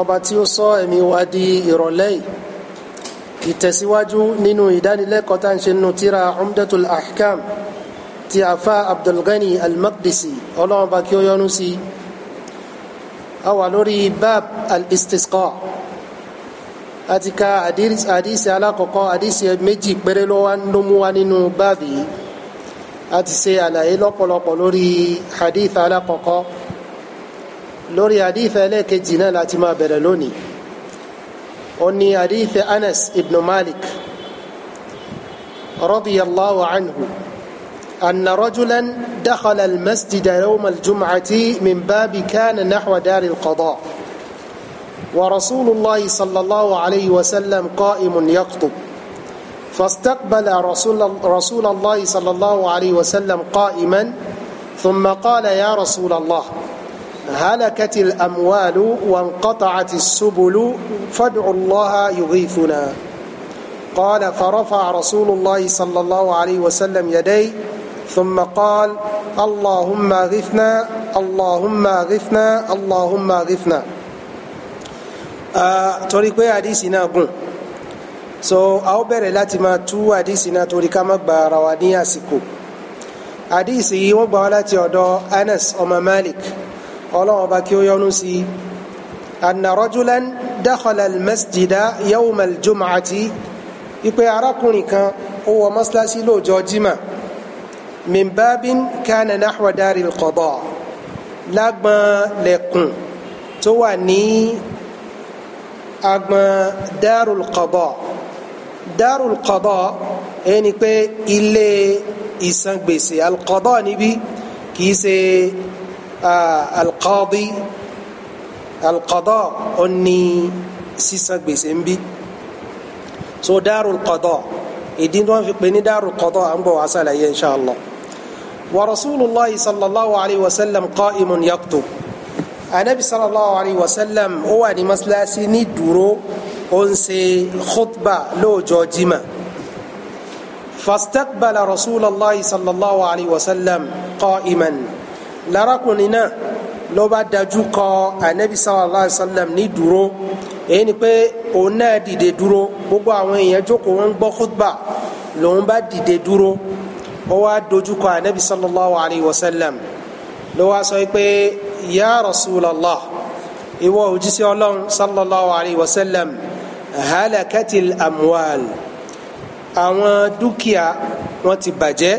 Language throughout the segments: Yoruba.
ọba tí ó sọ ẹ̀mí wa di ìrọ̀lẹ́ yìí ìtẹ̀síwájú nínú ìdánilẹ́kọ̀ọ́ tá à ń ṣe nínú tíra umdatul ahkam ti afa abdulgani almaqdisi ọlọ́run bá kí ó yọ́nú sí i a wà lórí bab al àti ka àdísì alákọ̀ọ́kọ́ àdísì méjì péré ló mú wa nínú báàbì yìí a àlàyé lọ́pọ̀lọpọ̀ lórí hadith alákọ̀ọ́kọ́. لوري àdífẹ ẹlẹ́ẹ̀kejì جنا لاتما برلوني اني lónìí انس ابن مالك رضي الله عنه أن رجلا دخل المسجد يوم الجمعة من باب كان نحو دار القضاء ورسول الله صلى الله عليه وسلم قائم يخطب فاستقبل رسول, رسول الله صلى الله عليه وسلم قائما ثم قال يا رسول الله هلكت الأموال وانقطعت السبل فادعوا الله يغيثنا قال فرفع رسول الله صلى الله عليه وسلم يديه ثم قال اللهم اغثنا اللهم اغثنا اللهم اغثنا torí pé àdìsí náà gùn so a ó bẹ̀rẹ̀ láti máa tú àdìsí náà torí ká má gba ara wa ní àsìkò àdìsí yìí wọ́n gbà wá láti ọ̀dọ̀ Anas ọmọ Malik ọlọ́run ọba kí ó yọ́nú sí i anna rajulan dakhala almasjida yawm aljum'ati ipe arákùnrin kan ó wọ mọ́ṣáláṣí lóòjọ́ jimá min babin kana nahwa daril qada lágbọn lẹ́kùn tó wà ní agbọn darul qada darul qada ẹni pé ilé ìsan gbèsè alqada níbí kìí ṣe alqadi alqada ó ní sísan gbèsè ń bí so darul qada ìdí tí wọ́n fi pè ní darul qada à ń bọ̀ wá sàlàyé inshàlá wa rasulillahi sallallahu alayhi wa sallam qa'imun yaktub anabi sallallahu alayhi wa sallam ó wà ní masilasi ní dúró ó ń ṣe khutba lọ́jọ́ jimá fastaqbala rasulillahi sallallahu alayhi wa sallam qa'iman lárakùnrin náà ló bá dájú kọ anabi sallallahu alayhi wa sallam ní dúró èyí ni pé òun náà dìde dúró gbogbo àwọn èèyàn jókòó wọn ń gbọ́ khutba lòun bá dìde dúró ó wá dojú kọ anabi sallallahu alayhi wa sallam ló wá sọ pé ya rasulallah ìwọ òjíṣẹ́ Ọlọ́run sallallahu alayhi wa sallam halakatil amwal àwọn dúkìá wọn ti bàjẹ́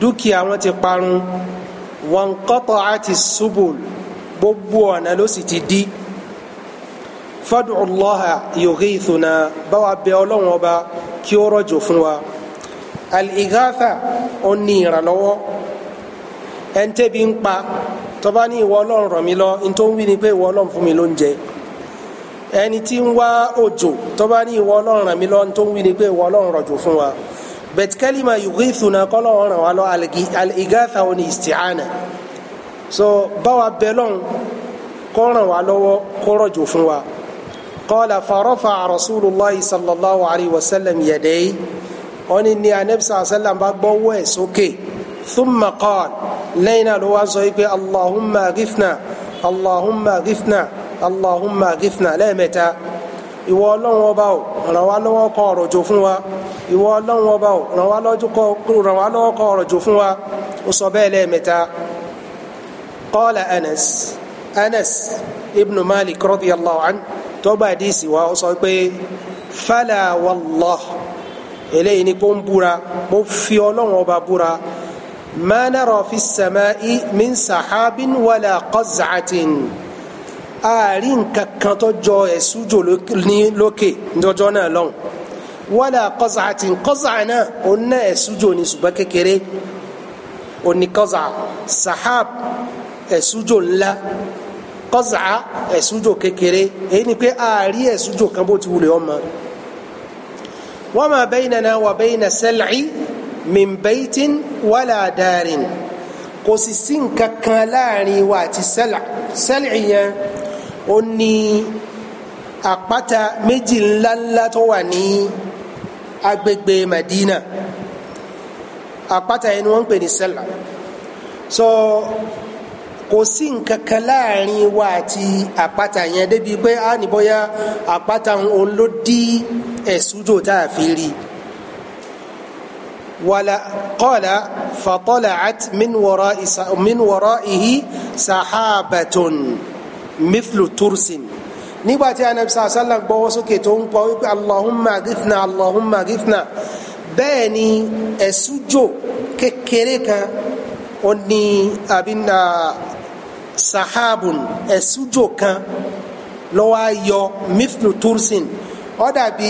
dúkìá wọn ti parun wanqata'ati subul gbogbo ọ̀nà ló sì ti di fadu allaha yughithuna báwa bẹ ọlọ́run ọba kí ó rọ̀jò fún wa al-ighatha ó ní ìrànlọ́wọ́ ẹ̀ńtẹ́bi ń pa tọ́ba ní ìwọ ọlọ́run ràn mí lọ ní tó wí ni pé ìwọ ọlọ́run fún mi ló ń jẹ ẹni tí ń wá òjò tọ́ba ní ìwọ ọlọ́run ràn mí lọ ní tó wí ni pé ìwọ ọlọ́run rọ̀jò fún wa bẹ̀t kálímà yughithuna kọ́lọ́ ọ̀ràn wa lọ al-igatha wọn so báwa bẹ lọ́n kó ràn wá lọ́wọ́ kó rọ̀jò fún wa qala farafa rasulullahi sallallahu alayhi wa sallam yadayhi wọn ni ní anabisa asalam bá gbọ́wọ́ ẹ̀ sókè thumma qala lẹ́yìn náà ló wá sọ pé allahumma ghithna allahumma ghithna allahumma ghithna lẹ́ẹ̀mẹ́ta ìwọ ọlọ́run ọba ràn wá lọ́wọ́ kó rọ̀jò fún wa ìwọ ọlọ́run ọba ràn wá lọ́wọ́ kọ ọ̀rọ̀ jù fún wa ó sọ bẹ́ẹ̀ lẹ́ẹ̀mẹ́ta qala anas anas ibn malik radiyallahu an tọ́gbà díìsì wa ó sọ pé fala wallah eléyìí ni kó ń búra mo fi ọlọ́run ọba búra ma nara fi sama'i min sahabin wala qaz'atin àárín kankan tó jọ ẹ̀sùn jò ní lókè lọ́jọ́ náà lọ́hùn wala qaz'atin qaz'a náà òun náà ẹ̀sùjò ní ṣùgbọ́n kékeré òní qaz'a sahab ẹ̀sùjò ńlá qaz'a ẹ̀sùjò kékeré èyí ni pé ààrí ẹ̀sùjò kan bó ti wulẹ̀ ọmọ wa ma baynana wa bayna sal'i min baytin wala darin kò sì kan láàrin wa àti sẹ́là sẹ́lì yẹn ó ní àpáta méjì ńláńlá tó wà agbègbè Madina àpáta yẹn ni wọ́n ń pè ní sẹ́là so kò sí nǹkan kan láàrin wa àti àpáta yẹn débi pé a ní àpáta òun ló tá a fi rí wàlà qala fatala'at min wara'ihi sahabatun mithlu tursin nígbàtí anabi sàlám gbọ́wọ́ sókè tó ń pọ̀ wípé allahumma gifna allahumma gifna bẹ́ẹ̀ ni ẹ̀sùjò kékeré kan ó ní abinda sahabun ẹ̀sùjò kan lọ́wọ́ yọ miflu tursin ó dàbí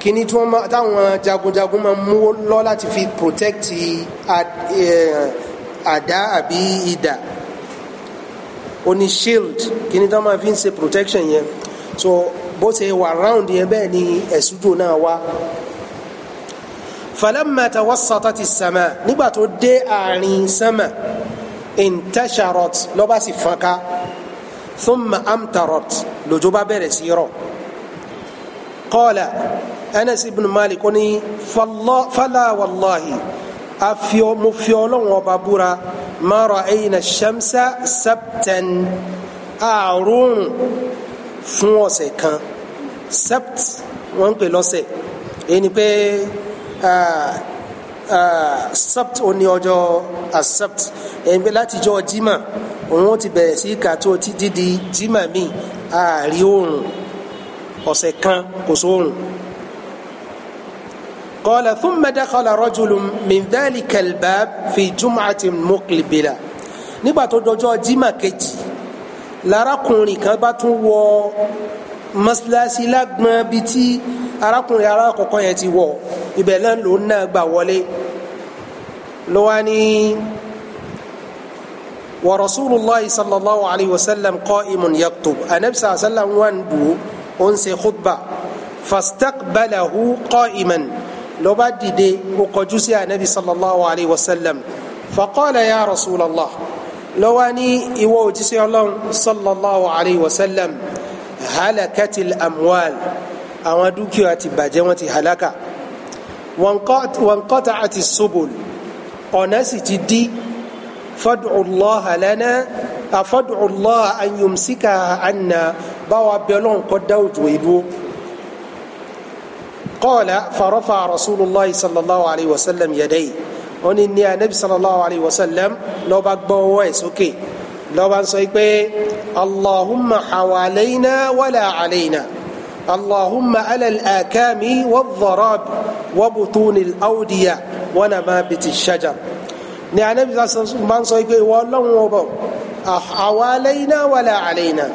kíní táwọn jagunjagun máa mú lọ láti fi protect àdá àbí idà ó ní shield kíní tó máa fi ń ṣe protection yẹn so bó ṣe wà round yẹn bẹ́ẹ̀ ni ẹ̀sùjò náà wá. falamma tawassatat as-sama nígbà tó dé àárín sama intasharot ló bá sì fọ́nká thumma amtarot lójó bá bẹ̀rẹ̀ sí rọ̀ qala Anas ibn Malik ó ní fala afiọ mo fi Ọlọ́run ọba búra ma ra'ayna shamsa sabtan àrùn fún ọ̀sẹ̀ kan sept wọ́n ń pè lọ́sẹ̀ èyí ni pé sept ò ní ọjọ́ accept èyí pé láti jọ jimá òun ti bẹ̀rẹ̀ sí kàtó dídi jimá mi àárí oòrùn ọ̀sẹ̀ kan kò sóòrùn. So قال ثم دخل رجل من ذلك الباب في جمعة مقبلة nígbà tó dọjọ́ jimá kejì lárakùnrin kan bá tún wọ mọ́sálásí lágbọ́n bíi tí arákùnrin alákọ̀ọ́kọ́ yẹn ti wọ̀ ibẹ̀ náà lòun náà gbà wọlé lọ́wọ́ ni wa rasulullahi sallallahu alayhi wa sallam qa'imun yaktub anabi sallallahu alayhi wa sallam wà ń dùn ó ń ṣe khutba fastaqbalahu qa'iman ló bá dìde ó kọjú sí anabi sallallahu alayhi wa sallam faqala ya rasulallah ló wá ní ìwọ òjíṣẹ́ Ọlọ́run sallallahu alayhi wa sallam halakatil amwal àwọn dúkìá ti bàjẹ́ wọ́n ti halaka wanqata'ati subul ọ̀nà sì ti di fad'u Allah lana afad'u Allah báwa bẹ́ẹ̀ lọ́n dáwùjọ ìdúró. قال فرفع رسول الله صلى الله عليه وسلم يديه wọn ni anabi sallallahu alayhi wa sallam ló bá gbọ́wọ́ ẹ̀ sókè ló bá sọ pé allahumma hawalayna wala alayna allahumma alal akami wadh-dharab wa butuni al-awdiya wa namabiti ash-shajar ni anabi sallallahu bá ń sọ pé ìwọ Ọlọ́run ọbọ hawalayna wala alayna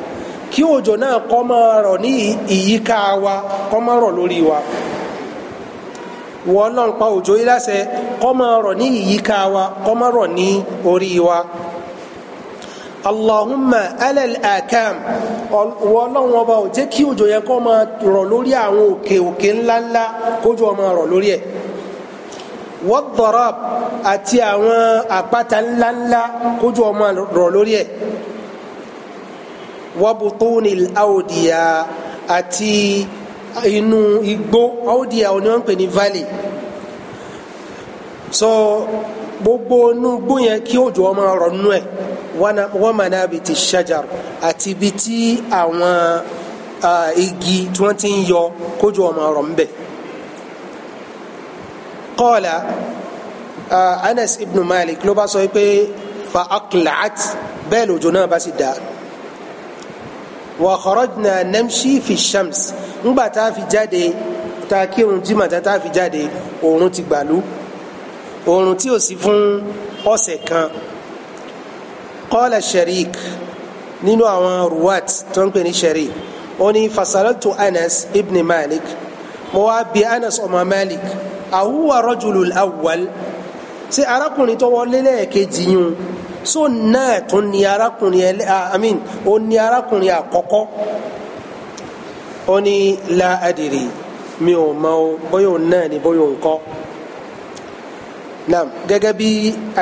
kí òjò náà kó máa rọ̀ ní ìyíká wa kó máa rọ̀ lórí wa wọ́n Ọlọ́run pa òjò yìí láṣẹ kó máa rọ̀ ní ìyíká wa kó máa rọ̀ ní orí wa. Allahumma alal akam wọ́n Ọlọ́run ọba ò jẹ́ kí òjò yẹn kó máa rọ̀ lórí àwọn òkè òkè ńláńlá kójú ó rọ̀ lórí ẹ̀ wọ́dọ̀rọ̀b àti àwọn àpáta ńláńlá kójú ọmọ rọ̀ lórí ẹ̀ wọ́bùtúnil àwòdìyà àti inú igbó Audia ni wọ́n ń pè ní valley so gbogbo inú igbó yẹn kí òjò ọmọ ọrọ nú ẹ wọn máa náà bi ti ṣajar àti ibi tí àwọn igi tí wọ́n ti ń yọ kójú ọmọ ọrọ ń bẹ. قال أنس بن ló bá sọ pé فأقلعت bẹ́ẹ̀ lòjò náà bá sì dá وخرجنا نمشي في الشمس ńgbà tá a fi jáde tá a kírun jimá tá a fi jáde oòrùn ti gbàlú oòrùn tí ò sí fún ọ̀sẹ̀ kan qala sharik nínú àwọn ruwat tó ń pè ní sharik ó ní fasalatu anas ibn malik mo wá bi anas ọmọ malik àwùwà rajulul awwal ṣé arákùnrin tó wọlé lẹ́ẹ̀kejì yún so náà tún ní arákùnrin ẹ̀ I mean ó ní arákùnrin àkọ́kọ́ ó ní la adìrì mi ò mọ o bóyá òun náà ni bóyá òun kọ́ naam gẹ́gẹ́ bí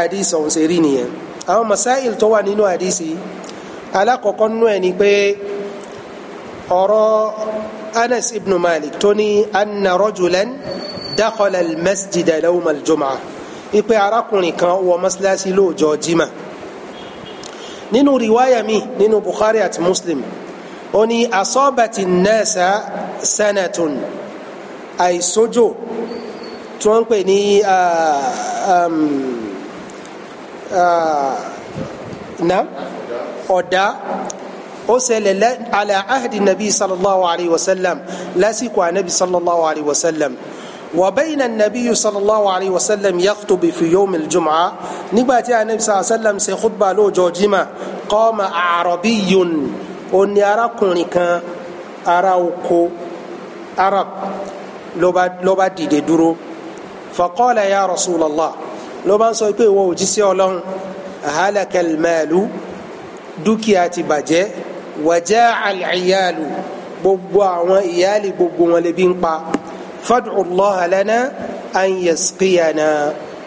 àdìsí ọ̀hún ṣe rí nìyẹn àwọn masáìl tó wà nínú àdìsí alákọ̀ọ́kọ́ nínú ẹ̀ ni pé ọ̀rọ̀ anas ibn malik tó ní anna rajulan dakhala almasjida lawma aljum'a ipe arákùnrin kan wọ mọ́sálásí lóòjọ́ jimá nínú riwaya mi nínú bukhari àti muslim ó ní asọ́bàtì nẹ́ẹ̀sà sanatun àìsójò tí wọ́n ń pè ní um, na ọ̀dá ó ṣẹlẹ̀ ala ahdi nabi sallallahu alayhi wa sallam lásìkò anabi sallallahu alayhi wa sallam wa bayna nabi sallallahu alayhi wa sallam yakhtubu fi yawm al-jum'a nígbà tí anabi sallallahu alayhi wa sallam ṣe khutba lọ́jọ́ jimá qama a'rabiyyun ó ní arákùnrin kan ará oko arab ló bá dìde dúró faqala ya rasulallah ló bá ń sọ pé ìwọ òjíṣẹ́ ọlọ́run halakal maalu dúkìá ti bàjẹ́ wàjá àlìyálù gbogbo àwọn ìyáàlì gbogbo wọn lè bí ń pa fad'u Allah lana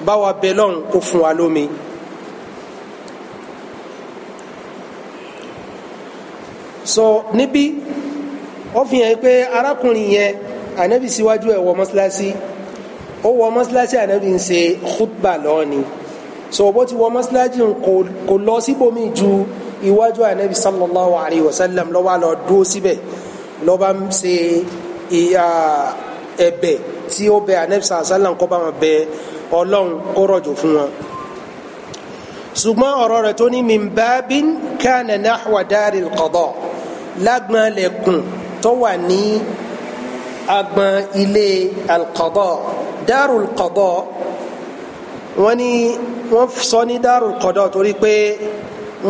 báwa bẹ́lọ́n kó fún wa lómi. so níbí ó fi hàn pé arákùnrin yẹn ànábì síwájú ẹ̀ wọ mọ́sálásí ó wọ mọ́sálásí ànábì ń ṣe khutba lọ́ọ̀ni so bó ti wọ mọ́sálásí kò lọ síbòmí ju iwájú ànábì sallallahu alayhi wa sallam ló wá lọ dúró síbẹ̀ ló bá ń ṣe ẹ̀bẹ̀ tí ó bẹ ànábì sallallahu alayhi wa sallam kó bá wọn bẹ ọlọ́run kó rọ̀jò fún wọn ṣùgbọ́n ọ̀rọ̀ rẹ̀ tó ní min babin kana nahwa daril qada lágbọn lẹ̀kùn tó wà ní agbọn ilé alqada darul qada wọ́n ní wọ́n sọ ní darul qada torí pé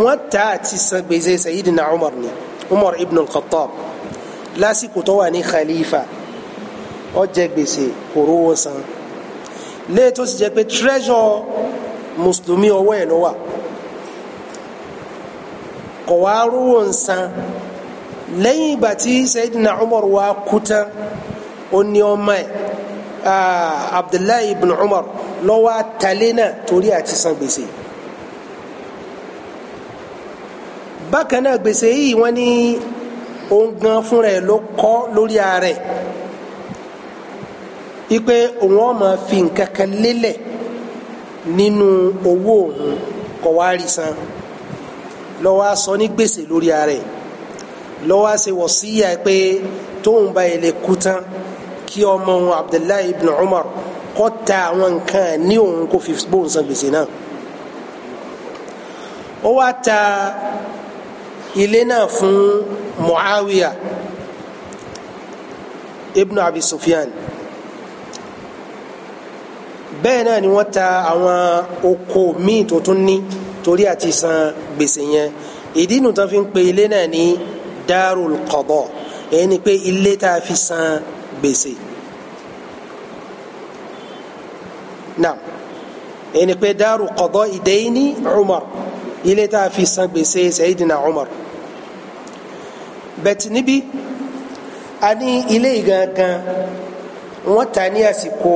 wọ́n ta àti san gbèsè sayidina umar ni umar ibn al-khattab lásìkò tó wà ní khalifa ó jẹ gbèsè kò rówó san lẹ́yìn tó sì jẹ́ pé treasure mùsùlùmí ọwọ́ ẹ̀ ló wà kò rówó san lẹ́yìn ìgbà tí Sayyidina Umar wa kú tán ó ní ọmọ ẹ̀ Abdullahi ibn Umar lọ́wọ́ àtàlẹ́ náà torí àti san gbèsè. bákan náà gbèsè yìí wọ́n ní òun gan fúnra ẹ̀ ló kọ́ lórí ara ipe òun ọmọ fi nǹkan kan lélẹ̀ nínú owó òun kọ̀ san lọ́wọ́ sọ ní gbèsè lórí ara ẹ̀ lọ́wọ́ ṣe wọ̀síyà pé tóun bá yẹ lè kú tán kí ọmọ òun Abdullahi ibn Umar kó ta àwọn nǹkan ní òun kó fi bóun san gbèsè náà ó wá ta ilé náà fún Muawiya ibn Abi Sufyan bẹ́ẹ̀ náà ni wọ́n ta àwọn oko míì tó tún ní torí àti san gbèsè yẹn ìdí nu tán fi ń pe ilé náà ní darul qada èyí ni pé ilé tá a fi san gbèsè náà èyí ni pé darul qada ìdẹ́yìní Umar ilé tá a fi san gbèsè Sayyidina Umar bẹ́ẹ̀ níbi a ní ilé gangan wọ́n ta ní àsìkò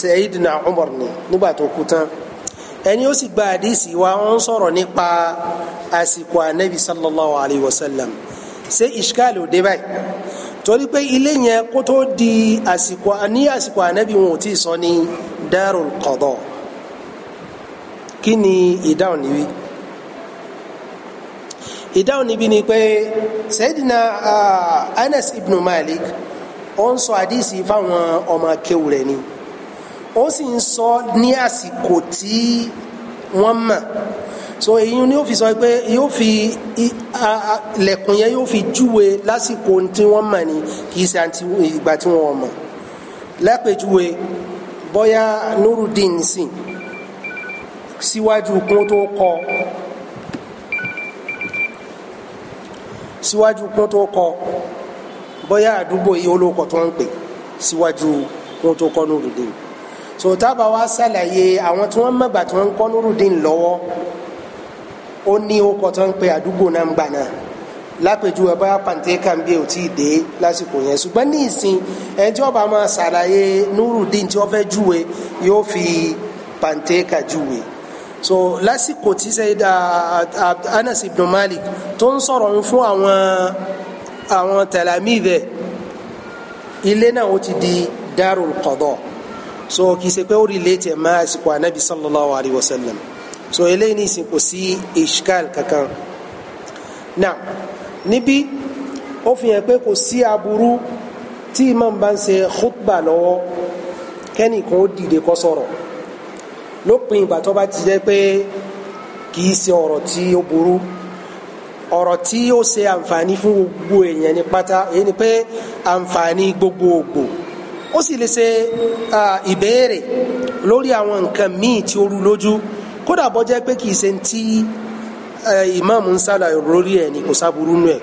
Sayyidina Umar ni nígbà tó kú tán ẹni ó sì gba àdìsí wa ń sọ̀rọ̀ nípa àsìkò ànábì sallallahu alayhi wa sallam ṣé ìṣkáàlì ò dé báyìí torí pé ilé yẹn kó tó di àsìkò ní àsìkò ànábì wọn ò tí ì sọ ní darul qada kí ni ìdáhùn níbí ìdáhùn níbí ni pé Sayyidina ah, Anas ibn Malik ó ń sọ àdìsí fáwọn ọmọ akéwù rẹ̀ ni. Uh, ó sì ń sọ ní àsìkò tí wọ́n mọ̀ so èyí ni yóò fi sọ pé yóò fi lẹ̀kùn yẹn yóò fi júwe lásìkò tí wọ́n mọ̀ ni kì í ṣe àti ìgbà tí wọ́n mọ̀ lápèjúwe bóyá nurudin sìn síwájú kún tó kọ síwájú kún tó kọ bóyá àdúgbò yìí olóko tó ń pè síwájú kún tó kọ nurudin so tábà wá ṣàlàyé àwọn tí wọ́n mọ̀gbà tí wọ́n ń kọ́ Nurudeen lọ́wọ́ ó ní orúkọ tó ń pe àdúgbò náà ń gbà náà lápèjúwe bá pàǹtẹ́ kàǹbíyà ò tí ì dé lásìkò yẹn ṣùgbọ́n ní ìsìn ẹni tí wọ́n bá máa ṣàlàyé Nurudeen tí wọ́n fẹ́ júwe yóò fi pàǹtẹ́ kà júwe so lásìkò tí sẹ́yìdà Anas ibn Malik tó ń sọ̀rọ̀ fún àwọn àwọn tàlámì rẹ̀ ilé náà ó ti di Darul Qada so kì í ṣe pé ó relate ẹ̀ àsìkò anabi sallallahu alayhi wa sallam so eléyìí ní ìsìn kò sí ishkal kankan now níbí ó fi hàn pé kò sí aburú tí imam bá ń ṣe khutba lọ́wọ́ kẹ́nìkan ó dìde kó sọ̀rọ̀ lópin ìgbà tó bá ti jẹ́ pé kì í ṣe ọ̀rọ̀ tí ó burú ọ̀rọ̀ tí ó ṣe àǹfààní fún gbogbo èèyàn ní pátá èyí ni pé àǹfààní gbogbogbò ó sì lè ṣe ìbéèrè lórí àwọn nǹkan míì tí ó rú lójú kódà bó jẹ́ pé kìí ṣe ti ìmáàmù ń lórí ẹ̀ ní kò sábúrú nù ẹ̀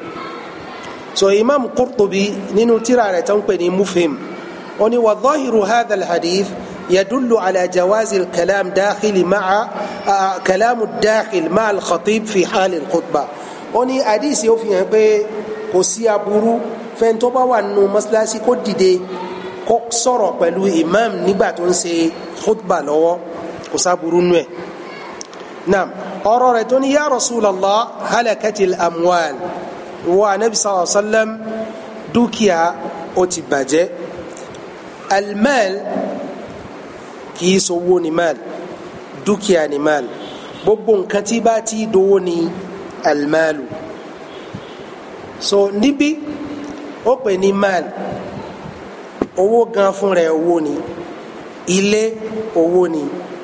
so Imam Qurtubi nínú tírà rẹ̀ tó ń pè ní mufim ó ní wa dhahiru hadha al-hadith يدل على جواز الكلام داخل مع آه كلام الداخل مع الخطيب في حال الخطبة oni hadisi ó fi hàn pé kò sí aburú fẹ́ni bá wà nù mọ́sálásí kó dìde kó sọ̀rọ̀ pẹ̀lú imam nígbà tó ń ṣe khutba lọ́wọ́ kò sábúrú nù ẹ̀ naam ọ̀rọ̀ rẹ̀ tó ní ya Rasulallah halakatil amwal wa anabi sallallahu alayhi wa sallam dúkìá ó ti bàjẹ́ almal kìí sowó ni mal dúkìá ni mal gbogbo nǹkan tí bá ti dowó ni almalu so níbí ó pè ní mal owó gan fún rẹ̀ owó ni ilé owó ni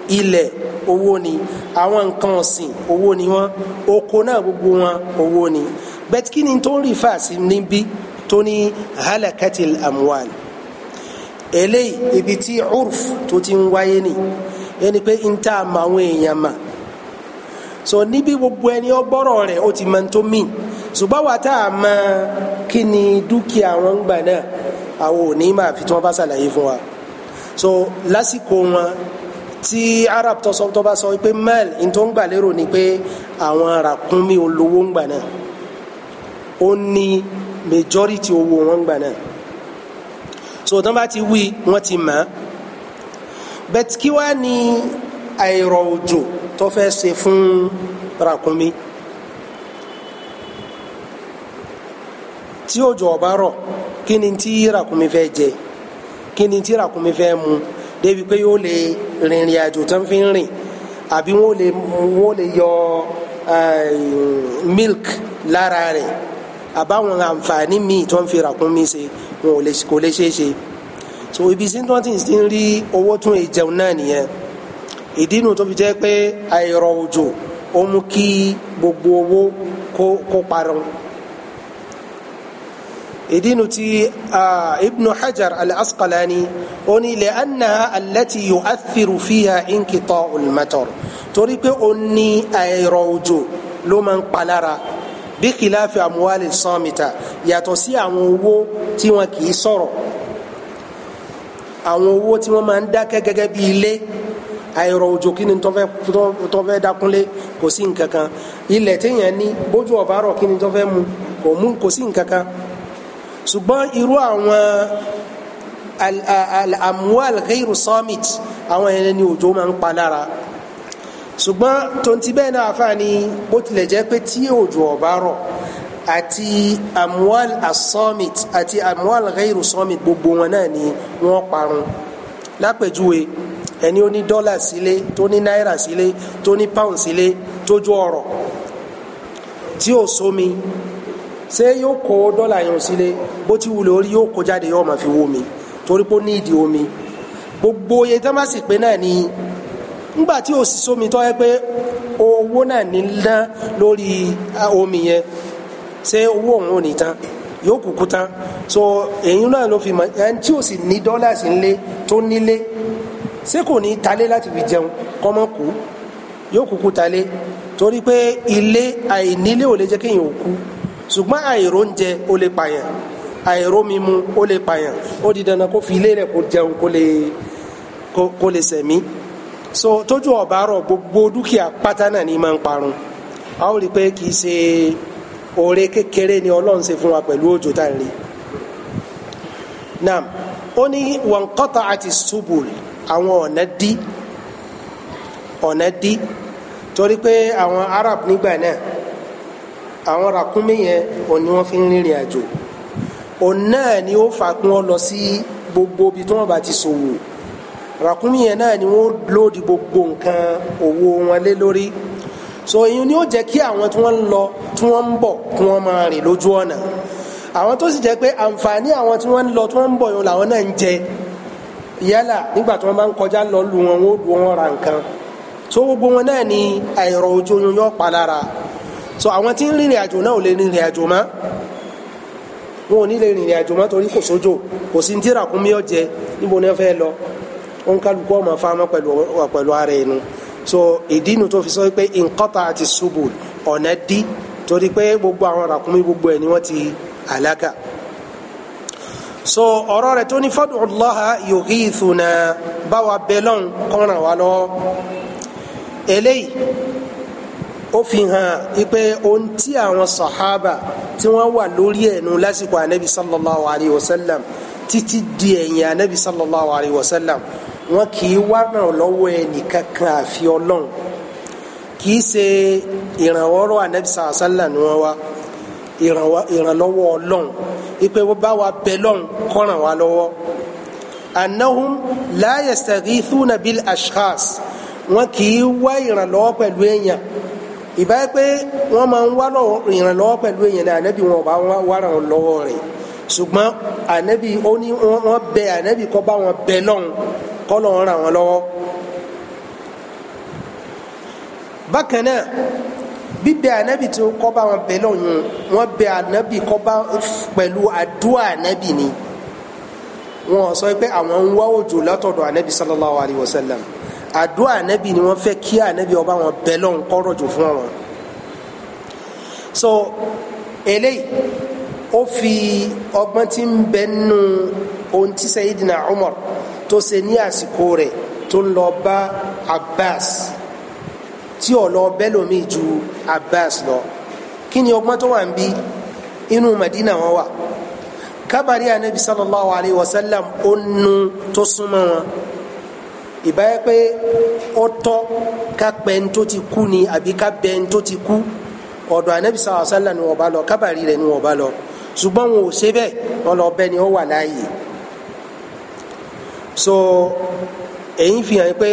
ilẹ̀ owó ni àwọn nǹkan ọ̀sìn owó ni wọ́n oko náà gbogbo wọn owó ni bẹ́ẹ̀ kí ni tó ń rí fàásì níbí tó ní halakatil amwal eléyìí ibi tí urf tó ti ń wáyé ni ẹni pé n ta ma àwọn èèyàn mà so níbi gbogbo ẹni ọgbọ́rọ̀ rẹ̀ ó ti máa ń tó mìn ṣùgbọ́n wàá tá a máa kí ni dúkìá wọn gbà náà Awo ò ní máa fi tí wọ́n bá ṣàlàyé wa so lásìkò wọn tí arab tó sọ tó bá sọ pé mẹ́ẹ̀lì ní tó ń gbà lérò ni pé àwọn ràkúnmí olówó ń gbà náà ó ní majority owó wọn ń gbà náà so tán bá ti wí wọ́n ti mọ̀ bẹ́t kí wá ní àìrọ̀ òjò tó fẹ́ ṣe fún ràkúnmí. tí òjò ọba rọ̀ Kini ni tí ràkúnmí fẹ́ jẹ kí ni tí mu débi pé yóò lè rìnrìn àjò tán fi ń rìn àbí wọ́n lè wọ́n lè eh, milk lára rẹ̀ àbáwọn àǹfààní míì tó ń fi ràkúnmí ṣe wọn kò lè ṣeé ṣe so ibi tí wọ́n ti ń rí owó tún ìjẹun náà nìyẹn ìdí inú tó fi jẹ́ pé àìrọ̀ òjò ó mú kí gbogbo owó kó parun. Ko, ko ìdínú tí ibnu hajar al-asqalani ó ní li'annaha allati yu'athiru fiha inqita'ul matar torí pé ó ní àìrọ̀ òjò ló máa ń palára bí kìláàfì amwali samita yàtọ̀ sí àwọn owó tí wọn kì í sọ̀rọ̀ àwọn owó tí wọn máa ń dákẹ́ gẹ́gẹ́ bí ilé àìrọ̀ òjò kí ni tó fẹ́ dákúnlé kò sí nǹkan ilẹ̀ téèyàn ní bójú ọ̀bá rọ̀ kí ni tó fẹ́ mu kò sí nǹkan ṣùgbọ́n irú àwọn al-amwal ghayru summit àwọn ẹni òjò máa ń pa lára ṣùgbọ́n tonti bẹ́ẹ̀ náà fà ní bó tilẹ̀ jẹ́ pé tí òjò ọ̀bá rọ̀ àti amwal as-summit àti amwal ghayru summit gbogbo wọn náà ni wọ́n parun lápẹ̀júwe ẹni ó ní dọ́là sílé tó ní náírà sílé tó ní pound sílé tó jó ọrọ̀ tí ò sómi ṣé yóò kó dọ́là yẹn sílé bó ti wulẹ̀ orí yóò kó yóò máa fi wo mi torí pé ó ní ìdí omi gbogbo oye tá má sì pé náà ni ńgbà tí o sì sómi tọ́ ẹ pé owó náà ní ná lórí omi yẹn ṣé owó òun ò ní tán yóò kúkú tán so èyí náà ló fi mọ ẹni tí o sì ní dọ́là sí ń lé tó nílé ṣé kò ní talé láti fi jẹun kọ́mọ́ kú yóò kúkú talé torí pé ilé àìnílé ò lè jẹ́ kéèyàn ò kú ṣùgbọ́n àìró ń jẹ ó lè pààyàn àìró mímu ó lè pààyàn ó di dandan kó fi ilé rẹ̀ kó jẹun kó lè sẹ̀mí so tójú ọ̀bá rọ̀ gbogbo dúkìá pátá náà ni máa ń parun a ó rí pé kì í ṣe oore kékeré ni ọlọ́run ṣe fún wa pẹ̀lú òjò tá à ń rí naam ó ní wọ̀nkọ́tà àti subul àwọn ọ̀nà dí ọ̀nà dí torí pé àwọn Arab nígbà náà àwọn ràkúnmí yẹn òun ni wọ́n fi ń rìnrìn àjò òun náà ni ó fà kún ọ lọ sí gbogbo ibi tí wọ́n bá ti ṣòwò ràkúnmí yẹn náà ni wọ́n lòdì gbogbo nǹkan òwò wọn lé lórí so èyí ni ó jẹ́ kí àwọn tí wọ́n ń lọ tí wọ́n ń bọ̀ kí wọ́n máa rìn lójú ọ̀nà àwọn tó sì jẹ́ pé àǹfààní àwọn tí wọ́n ń lọ tí wọ́n ń bọ̀ yẹn làwọn náà ń jẹ yálà nígbà tí wọ́n bá ń kọjá lọ lu wọn wọ́n lu wọn ra nǹkan so gbogbo wọn náà ni àìrọ̀ ojú yóò pa lára so àwọn tí ń rìnrìn àjò náà ò lè rìnrìn àjò mọ́ wọn ò ní lè rìnrìn àjò mọ́ torí kò sójò kò sí ti ràkúnmí ọ̀jẹ̀ níbo ni wọ́n fẹ́ lọ wọn kálukú ọmọ fáwọn pẹ̀lú pẹ̀lú ara ẹnu so ìdí inú tó fi sọ pé nkọ́ta àti ṣubú ọ̀nà dí torí pé gbogbo àwọn ràkúnmí gbogbo ẹ̀ ni wọ́n ti àlákà so ọ̀rọ̀ rẹ̀ tó ní fad'ullaha yughithuna báwa bẹ́lọ́n kọ́ràn wa lọ́wọ́ eléyìí ó fi hàn pé ohun tí àwọn sàhábà tí wọ́n wà lórí ẹ̀nu lásìkò ànábì sallallahu alayhi wa sallam títí di ẹ̀yìn ànábì sallallahu alayhi wa sallam wọn kì í wá ràn lọ́wọ́ ẹnìkankan àfi ọlọ́run kì í ṣe ìrànwọ́rọ́ ànábì sallallahu alayhi wa sallam ni wọ́n wá ìrànlọ́wọ́ ọlọ́run ipe wọ́n bá wa bẹ lọ́run kọ́ràn wa lọ́wọ́ annahum la yastaghithuna bil ashkhas wọn kì wá ìrànlọ́wọ́ pẹ̀lú èèyàn ìbá yẹ pé wọ́n máa ń wá ìrànlọ́wọ́ pẹ̀lú èèyàn náà ànábì wọn ò bá wára wọn lọ́wọ́ rẹ̀ ṣùgbọ́n ànábì ó ní wọ́n bẹ ànábì kọ́ bá wọn bẹ lọ́hùn kọ́ lọ́hùn ràn wọ́n lọ́wọ́. bákan náà bíbẹ ànábì tí kọ́ bá wọn bẹ lọ́hùn wọ́n bẹ ànábì kọ́ bá pẹ̀lú àdúrà ànábì ni wọ́n sọ pé àwọn ń wá òjò látọ̀dọ̀ ànábì sallallahu alayhi wa sallam àdúrà ànábì ni wọ́n fẹ́ kí ànábì ọba wọn bẹ lọ́hùn kọ́rọ̀ jù fún wọn. so eléyìí ó fi ọgbọ́n tí ń bẹ nínú ohun tí Sayyidina Umar tó ṣe ní àsìkò rẹ̀ tó ń lọ bá Abbas tí ò lọ bẹ́lòmíì ju Abbas lọ kí ni ọgbọ́n tó wà ń bí inú Madina wọn wà kábàárí ànábì sallallahu alayhi wa sallam ó nu tó súnmọ́ wọn ìbáyẹ pé ó tọ́ ká pẹ́ ń tó ti kú ni àbí ká bẹ́ ń tó ti kú ọ̀dọ̀ anabi sàlá sàlá ni wọ́n bá lọ kábàárì rẹ̀ ni wọ́n bá lọ ṣùgbọ́n wọn ò ṣe bẹ́ẹ̀ wọ́n lọ bẹ́ẹ̀ ni ó wà láàyè so èyí fi hàn pé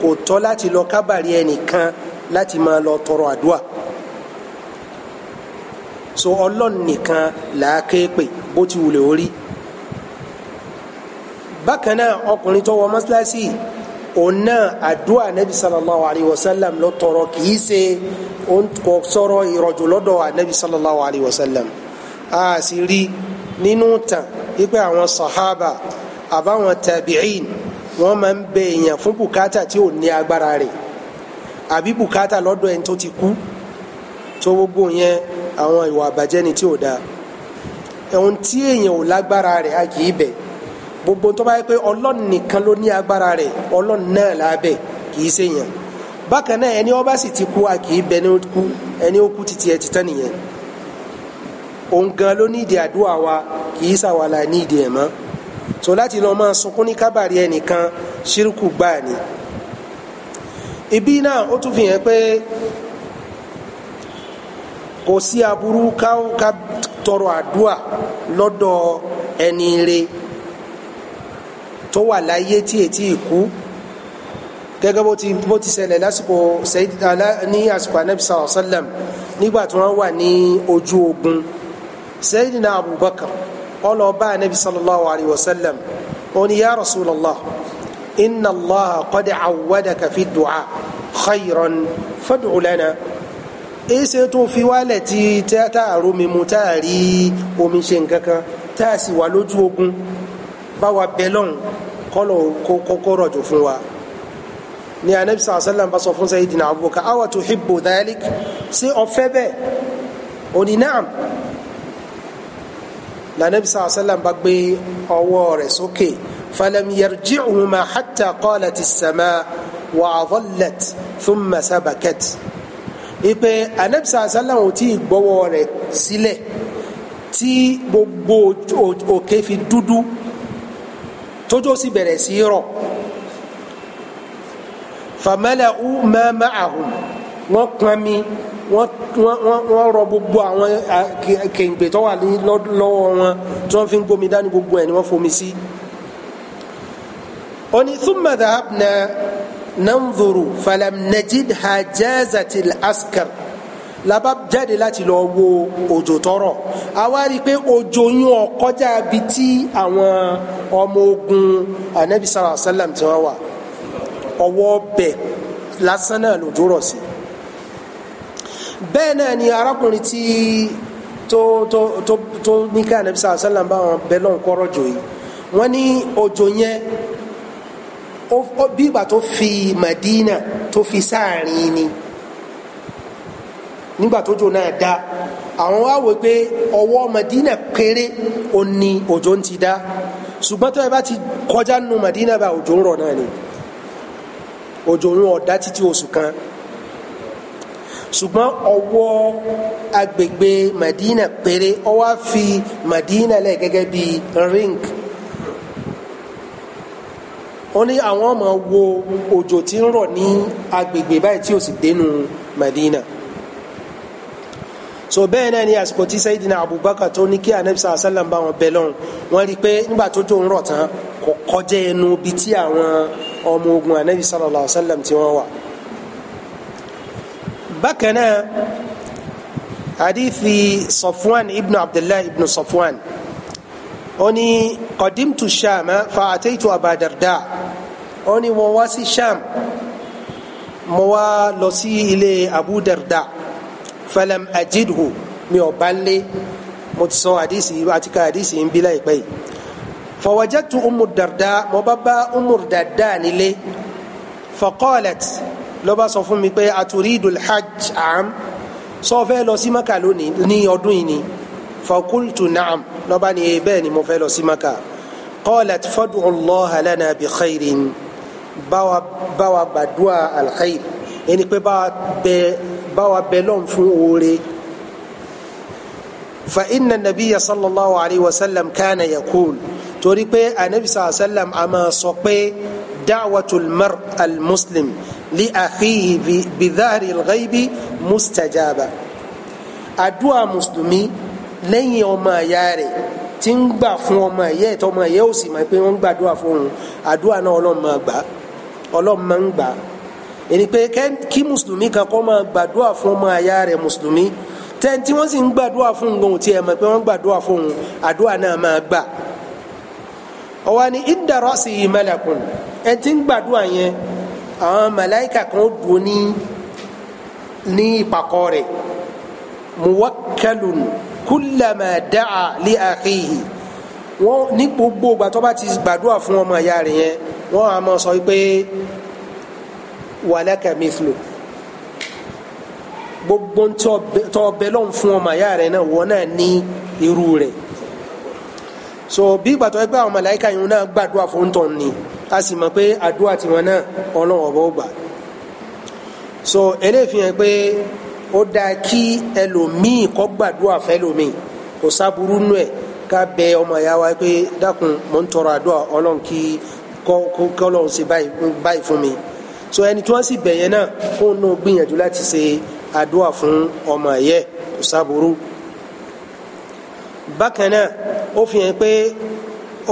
kò tọ́ láti lọ kábàárì ẹnìkan láti máa lọ tọrọ àdúrà so ọlọ́run nìkan là á ké pè bó ti wulẹ̀ orí bákan náà ọkùnrin tó wọ mọ́ṣáláṣí yìí ona àdúà anabi sallallahu alayhi wa sallam ló tọrọ kìí ṣe kò sọ̀rọ̀ ìrọ̀jò lọ́dọ̀ anabi sallallahu alayhi wa sallam a sì rí nínú tàn wípé àwọn sahaba àbáwọn tabi'in wọn máa ń bẹ èèyàn fún bùkátà tí ò ní agbára rẹ̀ àbí bùkátà lọ́dọ̀ ẹni tó ti kú tó gbogbo yẹn àwọn ìwà àbàjẹ́ ni tí ò dáa ohun tí èèyàn ò lágbára a kì í gbogbo tó bá yẹ pé ọlọ́run nìkan ló ní agbára rẹ̀ ọlọ́run náà lábẹ́ kìí ṣèyàn bákan náà ẹni ó bá sì ti kú a kìí bẹ ní kú ẹni ó kú títí ẹ ti nìyẹn òun gan ló ní ìdí àdúrà wa kìí ṣàwàlà ní ìdí ẹ̀ mọ́ tó láti lọ máa sunkún ní kábàárì ẹnìkan ṣírùkù gbáà ni ibi náà ó tún fi hàn pé kò sí aburú ká tọrọ àdúrà lọ́dọ̀ ẹni rẹ̀ tó wà láyé tí ètí ìkú gẹ́gẹ́ bó ti bó ti ṣẹlẹ̀ lásìkò ní àsìkò anabi sallallahu alayhi wa sallam nígbà tí wọ́n wà ní ojú ogun sayyidina abubakar ọlọ́ọ̀bá anabi sallallahu alayhi wa sallam oni ya rasulallah inna allah qad awwadaka fi du'a khayran fad'u lana èsè tó fi wálẹ̀ tí tá a romi mu tá a rí omi ṣe nǹkan kan tá a sì wà lójú ogun báwa bẹ́lọ́n kọ́lọ̀ kókó rọ̀jò fún wa ni anabi sàn sàlám bá sọ fún sayidina abubakar awa tuhibbu dhalik ṣé o fẹ́ bẹ́ẹ̀ ó ní naam lànàbi sàn sàlám bá gbé ọwọ́ rẹ̀ sókè falam yarji'uhuma hatta qalat as-samaa wa adallat thumma sabakat ipe anabi sàn sàlám ò tí ì gbọ́wọ́ rẹ̀ sílẹ̀ tí gbogbo òkè fi dúdú tójó sì bẹ̀rẹ̀ sí rọ̀ famala'u ma ma'ahum wọ́n pọn mi wọ́n rọ gbogbo àwọn kèǹgbè tó wà lọ́wọ́ wọn tí wọ́n fi ń gbomi dání gbogbo ẹ̀ ni wọ́n fomi sí. ó ní thumma dhahabna nanzuru falam najidha jazatil askar laba jáde láti lọ wo òjò tọrọ a wá rí i pé òjò yún ọ kọjá bi tí àwọn ọmọ ogun anabi sallallahu alayhi wa sallam ti wọn wà ọwọ́ bẹ̀ lásán náà lòjò rọ̀ sí bẹ́ẹ̀ náà ni arákùnrin tí tó tó tó tó ní ká anabi sallallahu alayhi wa sallam bá wọn bẹ lọ́n kọ́rọ̀ jò yìí wọ́n ní òjò yẹn bí ìgbà tó fi Madina tó fi sáàrin ni nígbà tójò náà dá àwọn wá wò pé ọwọ́ Madina péré ó ní òjò ń ti dá ṣùgbọ́n tó ẹ bá ti kọjá nínú Madina bá òjò ń rọ̀ náà ni òjò ń rọ̀ dá títí oṣù kan ṣùgbọ́n ọwọ́ agbègbè Madina péré ó wá fi Madina lẹ̀ gẹ́gẹ́ bí ring ó ní àwọn ọmọ wo òjò tí ń rọ̀ ní agbègbè báyìí tí ó sì dénú Madina so bẹ́ẹ̀ náà ni àsìkò tí sayidina abubakar tó ní kí anabi sàlá sàlám bá wọn bẹ lọ́hùn wọ́n rí i pé nígbà tó tó ń rọ̀ tán kò kọjá ẹnu bí tí àwọn ọmọ ogun anabi sàlá sàlám tí wọ́n wà. bákan náà hadithi safwan ibn abdullah ibn safwan ó ní qadimtu sham fa ataitu abadarda ó ní wá sí sham mo wá lọ sí ilé abudarda falam ajidhu mi ò bá lé mo ti sọ àdìsí àti ka àdìsí ń bí láìpẹ́ yìí fawajatu umu darda mo bá bá umu darda nílé faqalat ló bá sọ fún mi pé aturidul hajj am sọ fẹ́ lọ sí maka lónìí ní ọdún yìí ni fakultu naam ló bá eh, bẹ́ẹ̀ ni mo fẹ́ lọ sí maka qalat fadu allah lana bi báwa gbàdúrà alkhair ẹni pé báwa bẹ́ẹ̀ bá wa bẹ lọ́n fún oore fa inna nabiya sallallahu alayhi wa sallam kana yakul torí pé anabi sallallahu alayhi wa sallam a máa sọ pé da'watul mar al-muslim li akhihi bi dhahri mustajaba àdúà mùsùlùmí lẹ́yìn ọmọ ìyá rẹ̀ tí ń gbà fún ọmọ ẹ̀yẹ́ ìtọ́ ọmọ ẹ̀yẹ́ ò sì mọ̀ pé wọ́n ń gbàdúrà fún òun àdúrà náà ọlọ́run gbà ọlọ́run ń gbà á ẹni pé kí mùsùlùmí kan kọ́ máa gbàdúrà fún ọmọ àyà rẹ̀ mùsùlùmí tẹ́ni tí wọ́n sì ń gbàdúrà fún un gan-an tí ẹ mọ̀ pé wọ́n gbàdúrà fún un àdúrà náà máa gbà ọwọ́ ni ìdàrọ́ sí i mẹ́lẹ̀kùn ẹni ń gbàdúrà yẹn àwọn màláìkà kan ó dùn ní ní ìpàkọ́ rẹ̀ muwakkalun kullama da'a li akhihi wọ́n ní gbogbo ìgbà bá ti gbàdúrà fún ọmọ ìyá rẹ̀ yẹn wọ́n á sọ pé walaka mithlu gbogbo tọ́ọ̀bẹ lọ́n fún ọmọ ìyá rẹ̀ náà wọ́n náà ní irú rẹ̀ so bí gbàtọ́ ẹgbẹ́ àwọn màláíkà yìí náà gbàdúrà fún tọ̀ ni a sì mọ̀ pé àdúrà tiwọn náà ọlọ́run ọ̀bọ̀ gbà so eléyìí fi hàn pé ó dáa kí ẹlòmíì kọ́ gbàdúrà fẹ́lòmíì kò sábúrú nù ẹ̀ ká bẹ ọmọ ìyá wa pé dákun mò ń tọrọ àdúrà ọlọ́run kí kọ́ ọlọ́run ṣe báyìí fún mi so ẹni tí wọ́n sì bẹ̀yẹn náà kó nù gbìyànjú láti ṣe àdúrà fún ọmọ ẹ̀yẹ kò sábúrú bákan náà ó fi hàn pé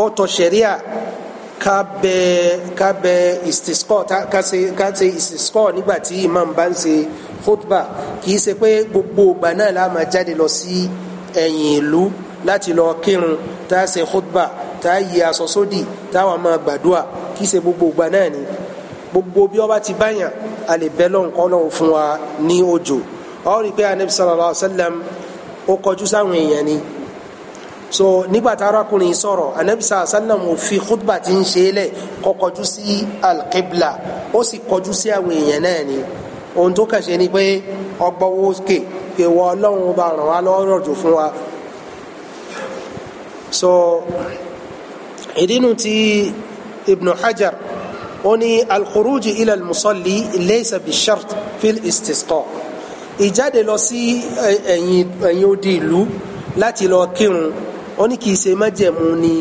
ó tọ́ ṣẹ̀ríà ká bẹ ká bẹ istisqa ká ṣe ká ṣe istisqa nígbà tí imam bá ń ṣe khutba kì í ṣe pé gbogbo ìgbà náà la máa jáde lọ sí ẹ̀yìn ìlú láti lọ kírun tá a ṣe khutba tá a yí aṣọ sódì táwọn máa gbàdúrà kì ṣe gbogbo ìgbà náà ni gbogbo bí ọba ti báyàn a lè bẹ́ lọ́n kọ́ lọ́n fún wa ní òjò ọ rí i pé anabi sallallahu alayhi wa ó kọjú sáwọn èèyàn ni so nígbà tá arákùnrin sọ̀rọ̀ anabi sallallahu alayhi wa sallam ó fi khutba ti ń ṣe é lẹ̀ kọ́ kọjú sí alqibla ó sì kọjú sí àwọn èèyàn náà ni ohun tó kàn ṣe ni pé ọgbọ́wọ́ kè pé wọ́n ọlọ́run bá ràn wá lọ́rọ̀ jù fún wa so ìdínú ti ibnu hajar oni alkhuruji ila almusalli laysa bishart fil istisqa ìjáde lọ sí ẹ̀yìn ẹ̀yìn odi ìlú láti lọ kírun ó ní kì í ṣe májẹ̀mú ni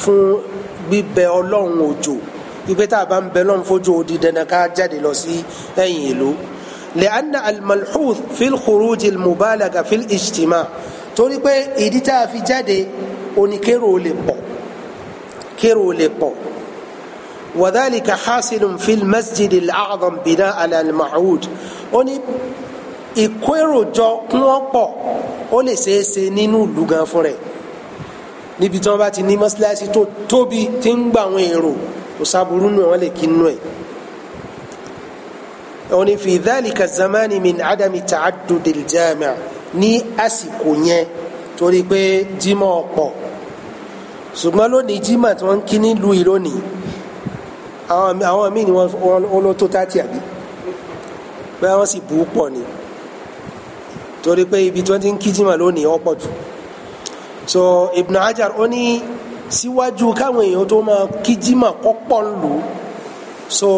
fún gbíbẹ ọlọ́run òjò ìgbé tá a bá ń bẹ lọ́run fójú odi dandan ká jáde lọ sí ẹ̀yìn ìlú lẹ́ànà almalhuth fil khuruji almubalaga fil ijtima torí pé ìdí tá a fi jáde oníkérò lè pọ̀ kérò lè pọ̀ وذلك حاصل في المسجد الأعظم بناء على المعهود ó ní ìkó èrò jọ kún wọn pọ̀ ó lè ṣeé ṣe nínú ìlú gan fún rẹ̀ níbi tí wọ́n bá ti ní mọ́ṣáláṣí tó tóbi tí ń gba àwọn èrò kò sábúrú nù wọ́n lè kí nù ẹ̀. ó ní في ذلك الزمان من عدم تعدد الجامع ní àsìkò yẹn torí pé jímọ̀ ọ̀pọ̀ ṣùgbọ́n lónìí jímọ̀ tí wọ́n ń kí nílùú ìlónìí àwọn míì ni wọ́n ló tó tààtì àbí bẹ́ẹ̀ wọ́n sì bù ú pọ̀ ni torí pé ibi tí wọ́n ti ń kíjìmọ̀ lónìí ọ̀pọ̀ jù so Ibn Hajar ó ní síwájú káwọn èèyàn tó máa kíjìmọ̀ kọ́pọ̀ ń lò so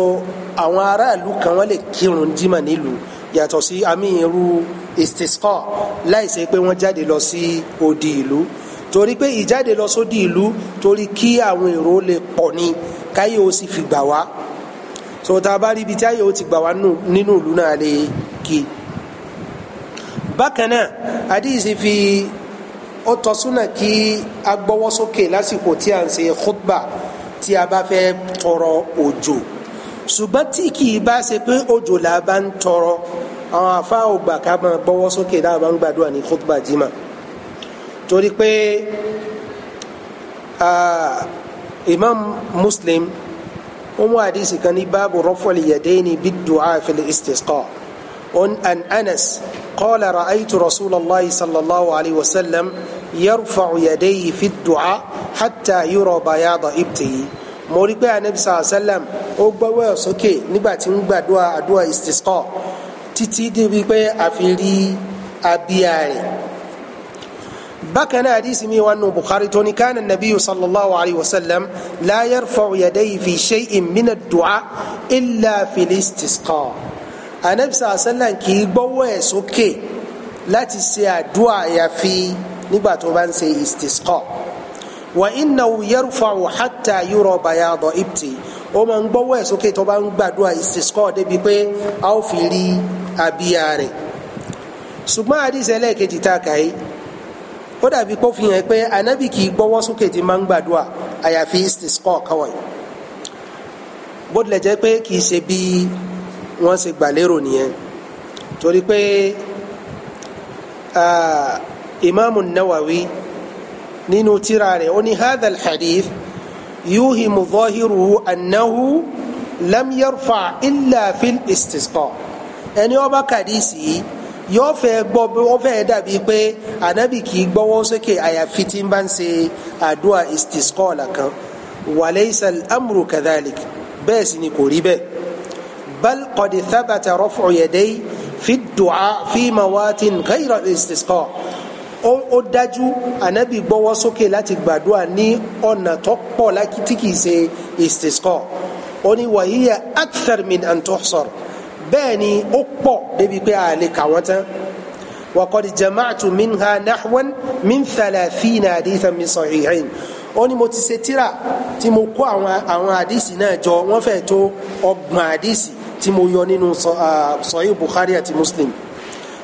àwọn aráàlú kan wọ́n lè kírun jímọ̀ nílùú yàtọ̀ sí àmì irú istisqa láìsí pé wọ́n jáde lọ sí odi ìlú torí pé ìjáde lọ sódi ìlú torí kí àwọn èrò lè pọ̀ ni. So, káyé o sì fi gbà wá so tá a bá rí ibi tí ayé o ti gbà wá nínú ìlú náà lè kí bákan náà àdìsí fi ó tọ́ kí a gbọ́wọ́ sókè lásìkò tí a ń ṣe khutba tí a bá fẹ́ tọrọ òjò ṣùgbọ́n tí kì í bá ṣe pé òjò là bá ń tọrọ àwọn afá ògbà ká máa gbọ́wọ́ sókè dáa bá ń gbàdúrà ní khutba jimá torí pé imam muslim ó mú àdìsí kan ní báàbù rọ́fọ̀lì yẹ̀dẹ́ni bí du'a fil istisqa on an anas qala ra'aytu rasulallah sallallahu alayhi wa sallam yarfa'u yadayhi fi du'a hatta yura bayada ibtihi mo rí pé anabi sallallahu alayhi wa sallam ó gbọ́wọ́ sókè nígbà tí ń gbàdúrà àdúrà istisqa títí débi pé àfi rí abíyá bákan náà àdìsí mi wà nù Bukhari tó ní kánà nàbí sallallahu alayhi wa sallam la yarfa'u yadayhi fi shay'in min ad-du'a illa fil istisqa anabisa asalan kì í gbọ́wọ́ ẹ̀ sókè láti ṣe àdúrà àyàfi nígbà tó bá ń ṣe istisqa wa innahu yarfa'u hatta yura bayada ibti ó máa ń gbọ́wọ́ ẹ̀ sókè tó bá ń gbàdúrà istisqa débi pé a ó fi rí abíyá rẹ̀ ṣùgbọ́n àdìsí ẹlẹ́ẹ̀kejì tá a kà yìí ó dàbí kó fi hàn pé anabi kì í gbọ́wọ́ sókè tí máa ń gbàdúrà àyàfi istisqa kọ́wọ̀ yìí bó tilẹ̀ jẹ́ pé kì í ṣe bí wọ́n ṣe gbàlérò nìyẹn torí pé ah, imaamu nawawi nínú tírà rẹ̀ ó ní hadha alhadith yuhimu zahiruhu annahu lam yarfa illa fil istisqa ẹni ó kàdí sí i yóò fẹ́ gbọ́ ó fẹ́ dàbí pé ànábì kì í gbọ́wọ́ sókè àyàfi tí ń bá ń ṣe àdúrà istisqala kan walaysa al-amru kadhalik bẹ́ẹ̀ sì ni kò rí bẹ́ẹ̀ bal qad thabata raf'u yaday fi du'a fi mawatin ghayra istisqa ó dájú ànábì gbọ́wọ́ sókè láti gbàdúrà ní ọ̀nà tó pọ̀ láti kì í ṣe istisqa ó ní wa hiya akthar min an tuhsar bẹ́ẹ̀ ni ó pọ̀ débi pé a lè kà wọ́n tán wa qad jama'tu minha nahwan min thalathina hadithan min sahihain ó ní mo ti ṣe tírà tí mo kó àwọn àwọn àdìsí náà jọ wọ́n fẹ́ tó ọgbọ̀n àdìsí tí mo yọ nínú sahih Bukhari àti Muslim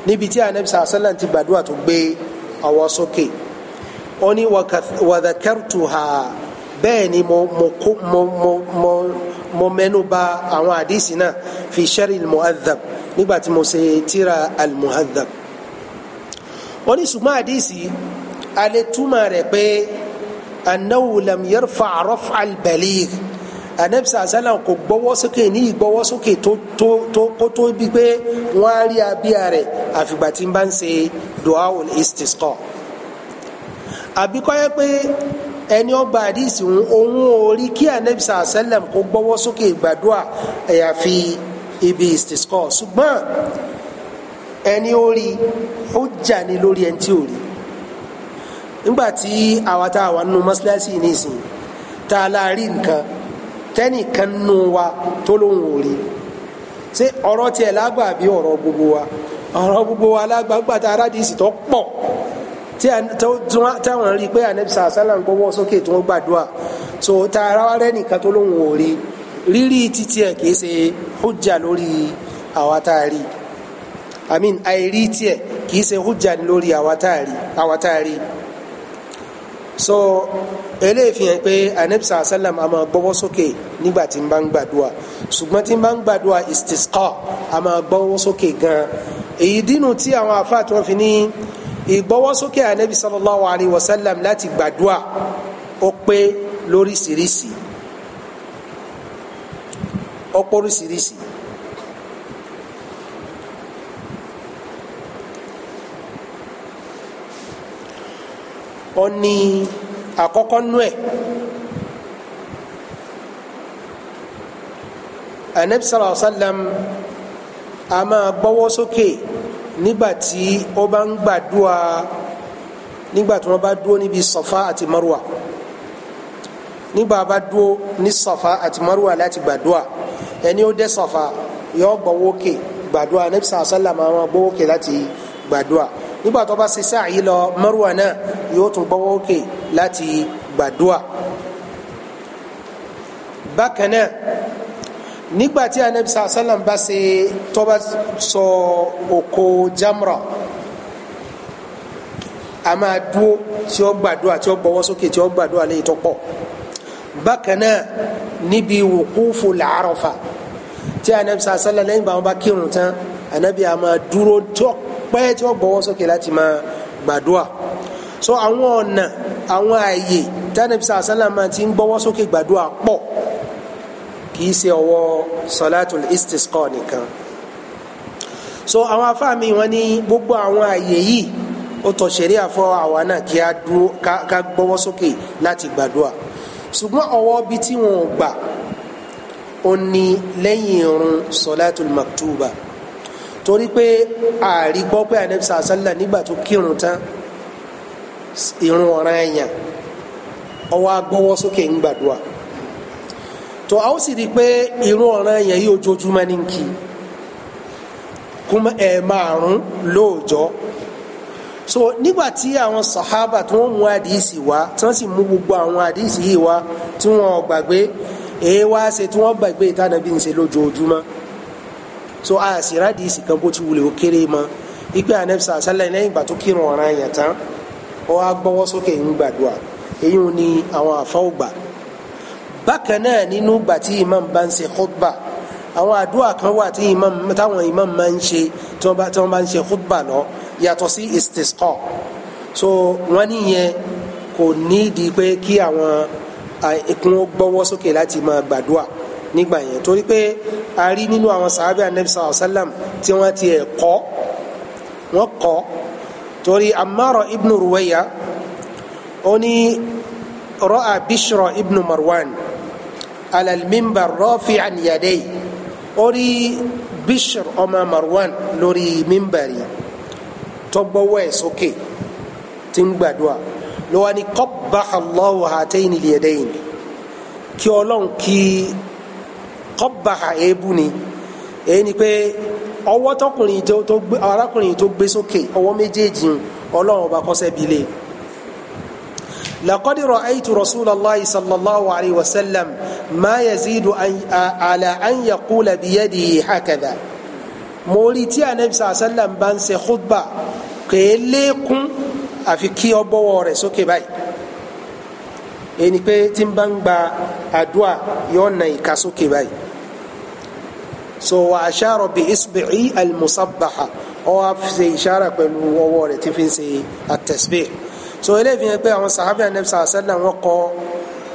níbi tí anabi sàlẹ̀ ti gbàdúrà tó gbé ọwọ́ sókè ó ní wa dhakartuha bẹ́ẹ̀ ni mo mo mo mo. mo mo mẹ́nu bà àwọn àdìsí náà fi sharil mu'adhab nígbà tí mo ṣe tírà al-mu'adhab ó ní ṣùgbọ́n àdìsí alẹ́ túmọ̀ rẹ̀ pé annahu lam yarfa raf'a al-baligh anabi sàzánà kò gbọ́wọ́ sókè ní ìgbọ́wọ́ sókè tó tó tó kó tó bí pé wọ́n á rí abíyá rẹ̀ àfìgbà tí n bá ń ṣe du'a ul àbíkọ́ yẹ pé ẹni ọba àdìsí òun orí kí anabi sàásẹ́lẹ̀m kó gbọ́wọ́ sókè gbàdúrà àyàfi ibi ìsìtìsíkọ́ ṣùgbọ́n ẹni orí ó jà ní lórí ẹni tí ò rí nígbà tí àwa tá a wà nínú mọ́ṣáláṣí nísìnyí tá a láàrin nǹkan tẹ́nìkan nù wa tó lóun ò rí ṣé ọ̀rọ̀ tiẹ̀ lágbà bí ọ̀rọ̀ gbogbo wa ọ̀rọ̀ gbogbo wa lágbà gbàtà aládìsí tó pọ̀ tí àwọn rí i pé anabi sàásálà ń gbọ́wọ́ sókè tí wọ́n gbàdúrà so ta ara wa rẹ́ nìkan tó lóun ò rí rírí títí ẹ̀ kìí ṣe hujja lórí àwa tá a rí i mean àìrí tiẹ̀ kìí ṣe hujja lórí àwa tá a rí i so eléyìí fi hàn pé anabi sàásálàm a máa gbọ́wọ́ sókè nígbà tí n bá ń gbàdúrà ṣùgbọ́n tí n bá ń gbàdúrà istisqa a máa gbọ́wọ́ sókè gan-an èyí dínú tí àwọn àfáà tí wọ́n fi ní ìgbọ́wọ́sókè ànábì sallallahu alayhi wa sallam láti gbàdúà ó pé lóríṣiríṣi ó pé lóríṣiríṣi. ó ní àkọ́kọ́ nú ẹ̀ ànábì sallallahu alayhi wa sallam a máa gbọ́wọ́ nígbà tí ó bá ń gbàdúrà nígbà tí wọ́n bá dúró níbi Safa àti Marwa nígbà bá dúró ní Safa àti Marwa láti gbàdúrà ẹni ó dé Safa yọ gbọ́wọ́kè gbàdúrà Ànábì sàlám àwọn gbọ́wọ́kè láti gbàdúrà nígbà tó bá ṣe sáàyí lọ Marwa náà yóò tún gbọ́wọ́kè láti gbàdúrà bákan náà nígbàtí anabi sàlám bá ṣe tọ́ba sọ oko jamra a máa dúó tí ó gbàdúrà tí ó gbọ́wọ́ sókè tí ó gbàdúrà lè tó pọ̀ bákan náà níbi wukufu làárọ̀fà tí anabi sàlám lẹ́yìn bá wọn bá kírun tán anabi a máa dúró tó pẹ́ tí ó gbọ́wọ́ sókè láti máa gbàdúrà so àwọn ọ̀nà àwọn ààyè tí anabi sàlám máa ti ń gbọ́wọ́ sókè gbàdúrà pọ̀ kìí ṣe ọwọ́ sọlátùl istisqa nìkan so àwọn afáàmì wọn ní gbogbo àwọn àyè yìí ó tọ́ ṣẹ̀ríà fún àwa náà kí a dúró ká gbọ́wọ́ sókè láti gbàdúrà ṣùgbọ́n ọwọ́ bíi tí wọn ò gbà ó ní lẹ́yìn irun sọlátùl maktuba torí pé ààrí gbọ́ pé anabisa asálà nígbà tó kírun tán irun ọ̀ràn ẹ̀yàn ọwọ́ agbọ́wọ́ sókè ń gbàdúrà tó a ó sì rí i pé irun ọ̀ràn yẹn yìí ojoojúmọ́ ní kí kúmọ ẹ̀ márùn lóòjọ́ so nígbà tí àwọn sàhábà tí wọ́n mú àdìsí wá tí wọ́n sì mú gbogbo àwọn àdìsí yìí wá tí wọ́n gbàgbé èé wá ṣe tí wọ́n gbàgbé ìtànàbí ń ṣe lójoojúmọ́ so a sì rádìsí kan bó ti wulẹ̀ ó kéré mọ́ ipe anabisa asalẹ lẹ́yìn ìgbà tó kírun ọ̀ràn yẹn tán ó wá gbọ́wọ́ sókè ń gbàdúrà èyí ò àwọn àfọwọgbà bákan náà nínú gbà tí imam bá ń ṣe khutba àwọn àdúrà kan wà tí imam táwọn imam máa ń ṣe tí wọ́n bá tí wọ́n bá ń ṣe khutba lọ yàtọ̀ sí istisqa so wọ́n níyẹn kò ní di pé kí àwọn ikun gbọ́wọ́ sókè láti máa gbàdúrà nígbà yẹn torí pé a rí nínú àwọn sàábì anabi sàlám tí wọ́n ti ẹ̀ kọ́ wọ́n kọ́ torí amaro ibnu ruwaya ó ní rọ́à bishra ibnu marwan. على المنبر رافعا يديه أري بشر أما مروان لوري منبري تبوي سوكي تنبدوا لو أني قبح الله هاتين اليدين kí ọlọ́run kí kọ́ba èébú ni èyí ni pé ọwọ́ tọkùnrin tó gbé arákùnrin tó gbé sókè ọwọ́ méjèèjì ọlọ́run ọba kọ́sẹ́ bi lé. laqad ra'aytu rasulallahi sallallahu alayhi wa sallam ma yazidu ala an yaqula biyadihi hakadha mòórì tí anabi sàlám bá ń ṣe khutba kèé lékún àfi kí ọ bọ́wọ́ rẹ̀ sókè báyìí ẹni pé tí n bá ń gba àdúà yóò na ìka sókè báyìí so wa ashara bi isbi'i al-musabbaha ọ wá ṣe ìṣàrà pẹ̀lú ọwọ́ rẹ̀ fi ń ṣe so eléyìí fi hàn pé àwọn sàhábì anabi sàlám wọn kọ́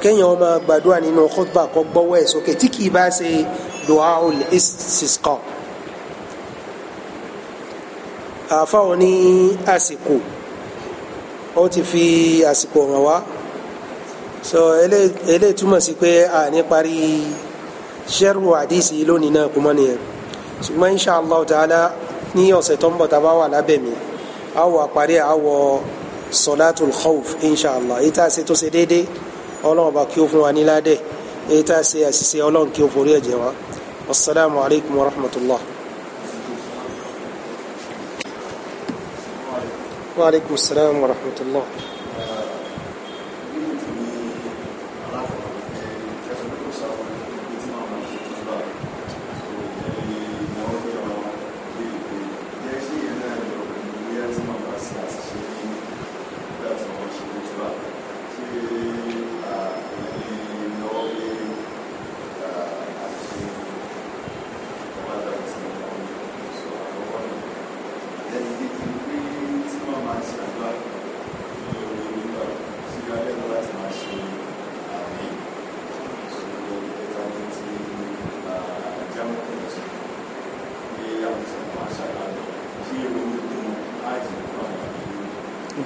kéèyàn ó máa gbàdúrà nínú khutba kó gbọ́wọ́ ẹ̀ sókè tí kì í bá ṣe du'aul istisqa àfáwọn ní àsìkò ó ti fi àsìkò hàn wá so eléyìí túmọ̀ sí pé a ní parí sẹ́rù àdìsí lónìí náà kò mọ́ nìyẹn ṣùgbọ́n insha allah ta'ala ní ọ̀sẹ̀ tó ń bọ̀ tá wà lábẹ́ mi a wà àwọ̀ solatul khawf insha allah tó ṣe déédéé ọlọ́run bá kí ó fún wa ní ládẹ́ èyí tá a ṣe àṣìṣe ọlọ́run kí ó forí ẹ̀jẹ̀ wa wasalaamu alaykum wa rahmatullah. wa alaykum salaam wa rahmatullah.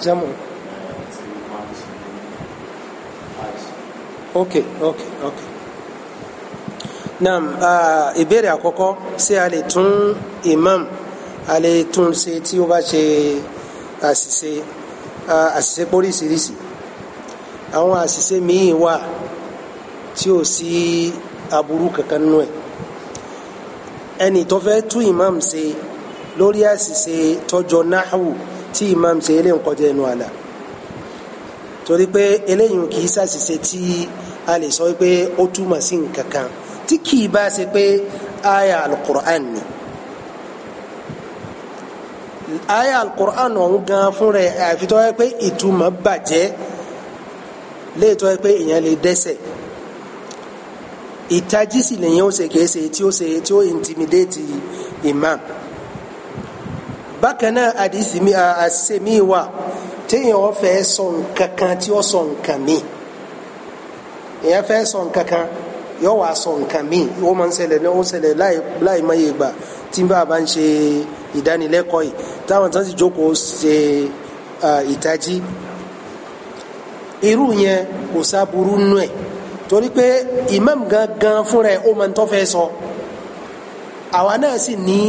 jamu ok ok ok naam ìbéèrè àkọ́kọ́ ṣé a lè tún imam a lè tún ṣe tí ó bá ṣe àṣìṣe àṣìṣe póríṣiríṣi àwọn àṣìṣe míì wà tí ò sí aburú kankan nù ẹ ẹnì tó fẹ́ tún imam ṣe lórí àṣìṣe tọjọ náhùn tí imam ṣe eléyìí kọjá ẹnu àlà torí pé eléyìí kì í ṣàṣìṣe tí a lè sọ pé ó túmọ̀ sí nǹkan kan tí kì í bá ṣe pé aya alukur'an ni aya alukur'an ọ̀hún gan fún rẹ̀ àfitọ́ ẹ pé ìtumọ̀ bàjẹ́ léètọ́ ẹ pé èèyàn lè dẹ́sẹ̀ ìtají sì lèyìn ó ṣe kìí ṣe tí ó ṣe tí ó intimidate imam bákan náà àdìsí mi àṣẹ mi wà téèyàn fẹ́ sọ nǹkan kan tí ó sọ nǹkan mi èèyàn fẹ́ sọ nǹkan kan yọ wàá sọ nǹkan mi ó máa ń ṣẹlẹ̀ náà ó ṣẹlẹ̀ láì má yé gbà tí bá a bá ń ṣe ìdánilẹ́kọ̀ọ́ yìí táwọn tán sì jókòó ṣe ìtají irú yẹn kò sáburú nù ẹ̀ torí pé imam gangan fúnra ẹ̀ ó máa ń tọ́ fẹ́ sọ àwa náà sì ní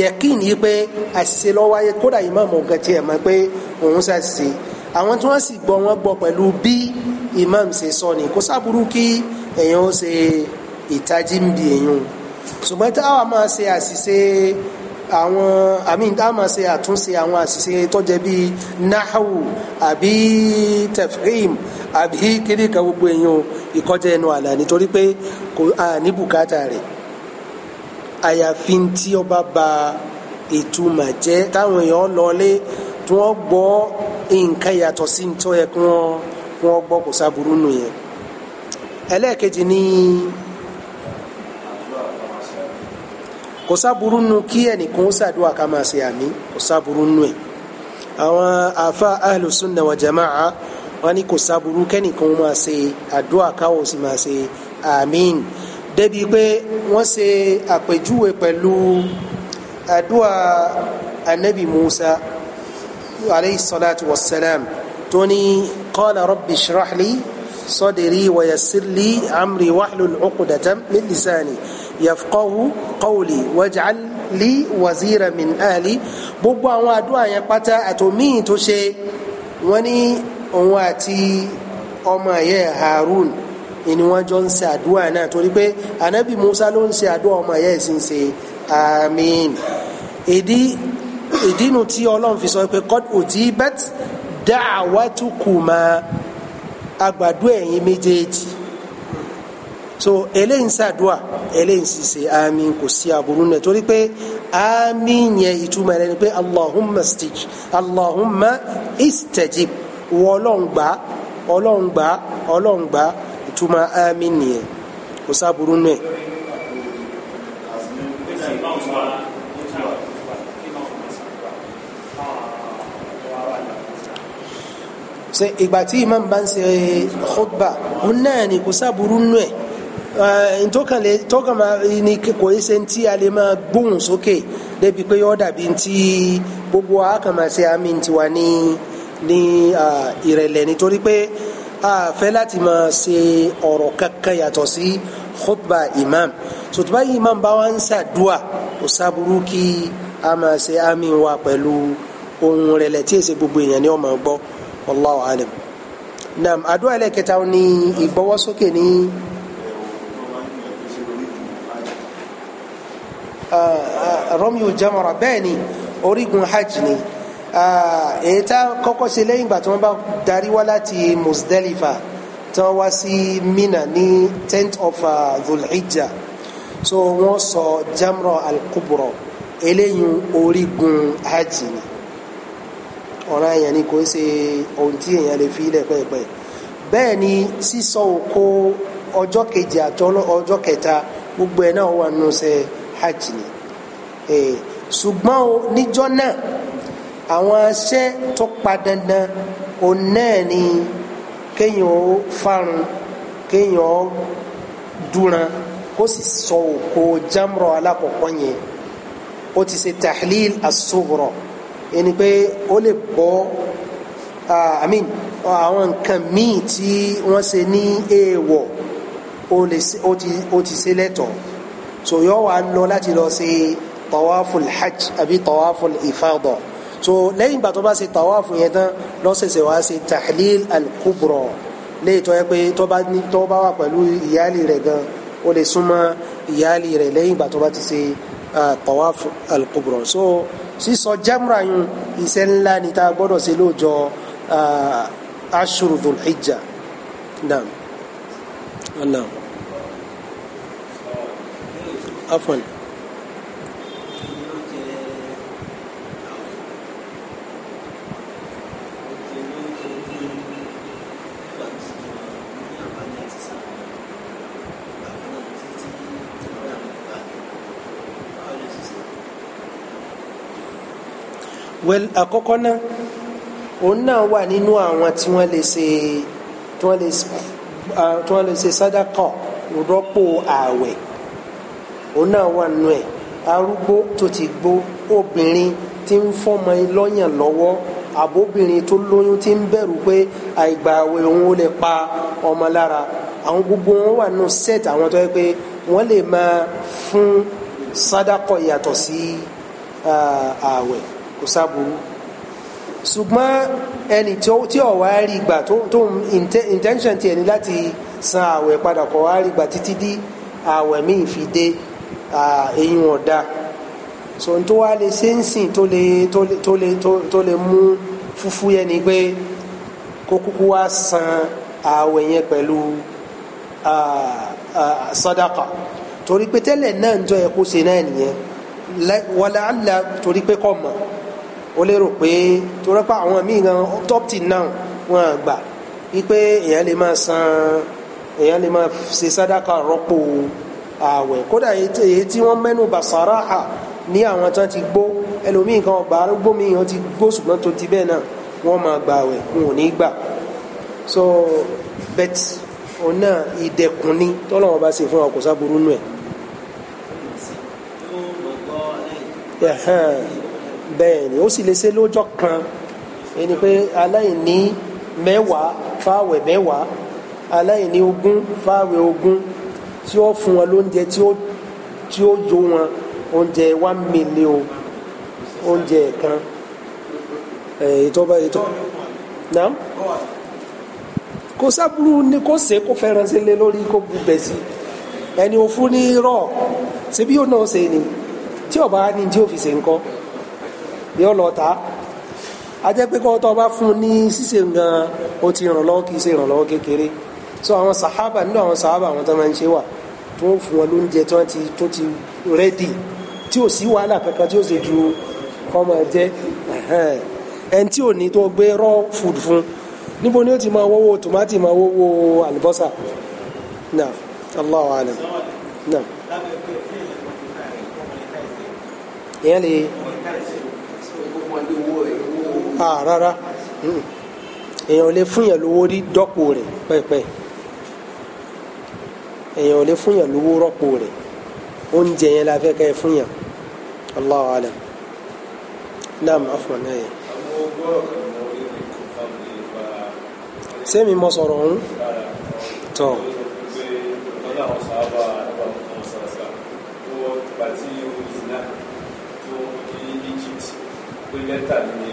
yẹkin yìí pé àṣìṣe ló wáyé kódà ìmáàmù ọ̀gá tiẹ̀ mọ̀ pé òun ṣàṣìṣe àwọn tí wọ́n sì gbọ́ wọ́n gbọ́ pẹ̀lú bí ìmáàmù ṣe sọ ni kó sábúrú kí èèyàn ó ṣe ìtají ń bi èèyàn ṣùgbọ́n táwa máa ṣe àṣìṣe àwọn àmì táwa máa ṣe àtúnṣe àwọn àṣìṣe tó jẹ́ bíi nahawu àbí tefrim àbí kíríkà gbogbo èèyàn ìkọjá ẹnu àlà nítorí pé kò ní bùkátà rẹ̀ àyàfi tí ó bá ba ìtumọ̀ jẹ́ táwọn èèyàn lọlé tí wọ́n gbọ́ nǹkan yàtọ̀ sí ní tó yẹ kí wọ́n gbọ́ kò sábúrú nù yẹn ẹlẹ́ẹ̀kejì ni kò sábúrú nù kí ẹnìkan ó ṣàdúrà ká máa ṣe àmì kò sábúrú nù ẹ̀ àwọn afa ahlu sunna wa a wọn ni kò sábúrú kẹ́nìkan ó máa ṣe àdúrà káwọ́ sì máa ṣe àmín débi pé wọ́n ṣe àpèjúwe pẹ̀lú àdúà anabi musa alayhi salatu wa salam tó ní qala rabbi shrah li sadri wa yassir li amri wahlul uqdatam min lisani yafqahu qawli waj'al li wazira min ahli gbogbo àwọn àdúà yẹn pátá àtòmíì tó ṣe wọ́n ní òun àti ọmọ yẹn harun ni wọ́n jọ ń ṣe àdúrà náà torí pé anabi musa ló ń ṣe àdúrà ọmọ ẹ̀yà ẹ̀sìn ṣe àmín ìdí ìdínú tí ọlọ́run fi sọ pé qad ujibat da'watukuma agbàdo ẹ̀yin méjèèjì so eléyìí ń ṣàdúà eléyìí ń ṣiṣẹ́ àmín kò sí aburú náà torí pé àmín yẹn ìtumọ̀ rẹ̀ ni pé allahumma istij allahumma istajib wọ́n ọlọ́run gbà ìtumọ̀ àmín nìyẹn kò sábúrú nù ẹ̀. ṣe ìgbà tí imam bá ń ṣe khutba òun náà ni kò sábúrú nù ẹ̀ ntọ́kànlẹ̀ tọ́kànmá ni kò í ṣe ntí a lè máa gbóhùn sókè débi pé yọ̀ọ́ dàbí ntí gbogbo àkàmà ṣe àmì ntí wa ní ìrẹ̀lẹ̀ nítorí pé. Uh, a fẹ́ láti se ṣe ọ̀rọ̀ kankan yàtọ̀ sí khutba imam sotuma imam bá wa ń ṣàdúà kò sábúrú kí a máa ṣe àmì wa pẹ̀lú ohun rẹ̀lẹ̀ tí èsì gbogbo èèyàn ni ó máa gbọ́ wallahu alim naam àdúà ẹlẹ́kẹta ni ìgbọ́wọ́sókè ní. Ah, ah, rọ́mìó jamara bẹ́ẹ̀ ni orígun hajj ni. Uh, uh, èyí tá kọ́kọ́ ṣe lẹ́yìn ìgbà tí wọ́n bá darí wá láti Muzdalifa tí wọ́n wá sí Mina ní tent of uh, dhul so wọ́n sọ jamro al-Kubra eléyìí orígun hajj ni ọ̀ràn èèyàn ni kò ṣe ohun tí èèyàn lè fi ilẹ̀ pẹ́ẹ́pẹ́ bẹ́ẹ̀ ni sísọ òkò ọjọ́ kejì àti ọjọ́ kẹta gbogbo ẹ̀ náà wà nínú ṣe hajj ni ṣùgbọ́n níjọ́ náà àwọn aṣẹ́ tó pa dandan òun náà ni kéèyàn ó fárun kéèyàn ó dúran kó sì sọ òkò jámrọ alákọ̀ọ́kọ́ yẹn ó ti ṣe tahlil asúgbọ̀rọ̀ ẹni pé ó lè bọ́ àmín àwọn nǹkan míì tí wọ́n ṣe ní èèwọ̀ ó ti ṣe lẹ́tọ̀ọ́ so yọ wà lọ láti lọ ṣe tawaful hajj àbí tawaful ifadọ̀ so lẹ́yìn ìgbà tó bá ṣe tàwáàfù yẹn tán lọ́sẹ̀sẹ̀ wá ṣe tahlil al-kubra léyìí tó yẹ pé tó bá ní tó bá wà pẹ̀lú ìyáàlì rẹ̀ gan ó lè súnmọ́ ìyáàlì rẹ̀ lẹ́yìn ìgbà tó bá ti ṣe tàwáàfù al so sísọ jamra yun iṣẹ́ ńlá ni tá a gbọ́dọ̀ ṣe ashuru dhul naam naam afwan. well àkọ́kọ́ náà òun náà wà nínú àwọn tí wọ́n lè ṣe tí wọ́n lè tí wọ́n lè ṣe sádàkọ̀ rọ́pò ààwẹ̀ òun náà wà nínú ẹ̀ arúgbó tó ti gbó obìnrin tí ń fọmọ lọ́yàn lọ́wọ́ àbóbìnrin tó lóyún tí ń bẹ̀rù pé àìgbà àwẹ̀ òun ó lè pa ọmọ lára àwọn gbogbo wọn wà nù set àwọn tó yẹ pé wọ́n lè máa fún sádàkọ̀ yàtọ̀ sí ààwẹ̀. Uh, kò sábòrú ṣùgbọ́n ẹni tí ó wá rí gbà tó intention tiẹ̀ ní láti san àwẹ̀ padà kọ̀ wá rí gbà títí dí àwẹ̀ míì fi dé ẹ̀yìn ọ̀dà so n tó wá lè ṣe ń sìn tó lè tó lè tó lè mú fúfú yẹn ni pé kó kúkú wá san àwẹ̀ yẹn pẹ̀lú sàdákà torí pé tẹ́lẹ̀ náà ń jọ ẹ̀ kó ṣe náà nìyẹn wàlàhálà torí pé kò mọ̀ ó lérò pé torí pa àwọn míì gan top ten náà wọn gbà wípé èèyàn lè máa san èèyàn lè máa ṣe sádàkà rọ́pò ààwẹ̀ kódà èyí tí wọ́n mẹ́nu bà sàrà à ní àwọn tán ti gbó ẹlòmíì kan ọba arúgbó mi wọ́n ti gbó ṣùgbọ́n tó ti bẹ́ẹ̀ náà wọ́n máa gbà ààwẹ̀ wọn ò ní gbà so bet ona náà ìdẹ̀kùn ni tọ́lọ́wọ́n bá ṣe fún ọkọ̀ sábúrú nù ẹ̀. ẹ̀hẹ́n bẹ́ẹ̀ ni ó sì lè ṣe lọ́jọ́ kan ẹni pé aláìní mẹ́wàá fáwẹ̀ mẹ́wàá aláìní ogún fáwẹ̀ ogún tí ó fún wọn lóúnjẹ tí ó tí ó jó wọn oúnjẹ one million oúnjẹ kan ètò bá ètò náà kò sábúrú ni kò ṣe kò fẹ́ràn sí lé lórí kò bu bẹ̀ sí ẹni òfun ní rọ̀ ṣebí yóò náà ṣe ni tí ọba ní tí ó fi ṣe nǹkan. yóò lọ ta ajẹ́ pé kọ́ tọ́ bá fún ní ṣíṣe o ti ìrànlọ́wọ́ kì í ṣe ìrànlọ́wọ́ kékeré so àwọn sàhábà nínú àwọn sàhábà àwọn tó máa ń ṣe wà tó ń fún ti tó ti rẹ́dì tí ò sí wàhálà kankan tí ju kọ́mọ jẹ́ ẹn tí ò ní tó gbé ni ó ti máa wọ́wọ́ tòmátì Ah, rara. èèyàn ò lè fún yàn lówó rí dọ́pò rẹ̀ pẹ́pẹ́ èèyàn ò lè fún yàn lówó rọ́pò rẹ̀ oúnjẹ yẹn la fẹ́ kẹ́ ẹ fún yàn Allahu alam naam afọ náà yẹn. sẹ́mi mo sọ̀rọ̀ ọ̀hún tọ́. Pẹ̀lú lẹ́tà ni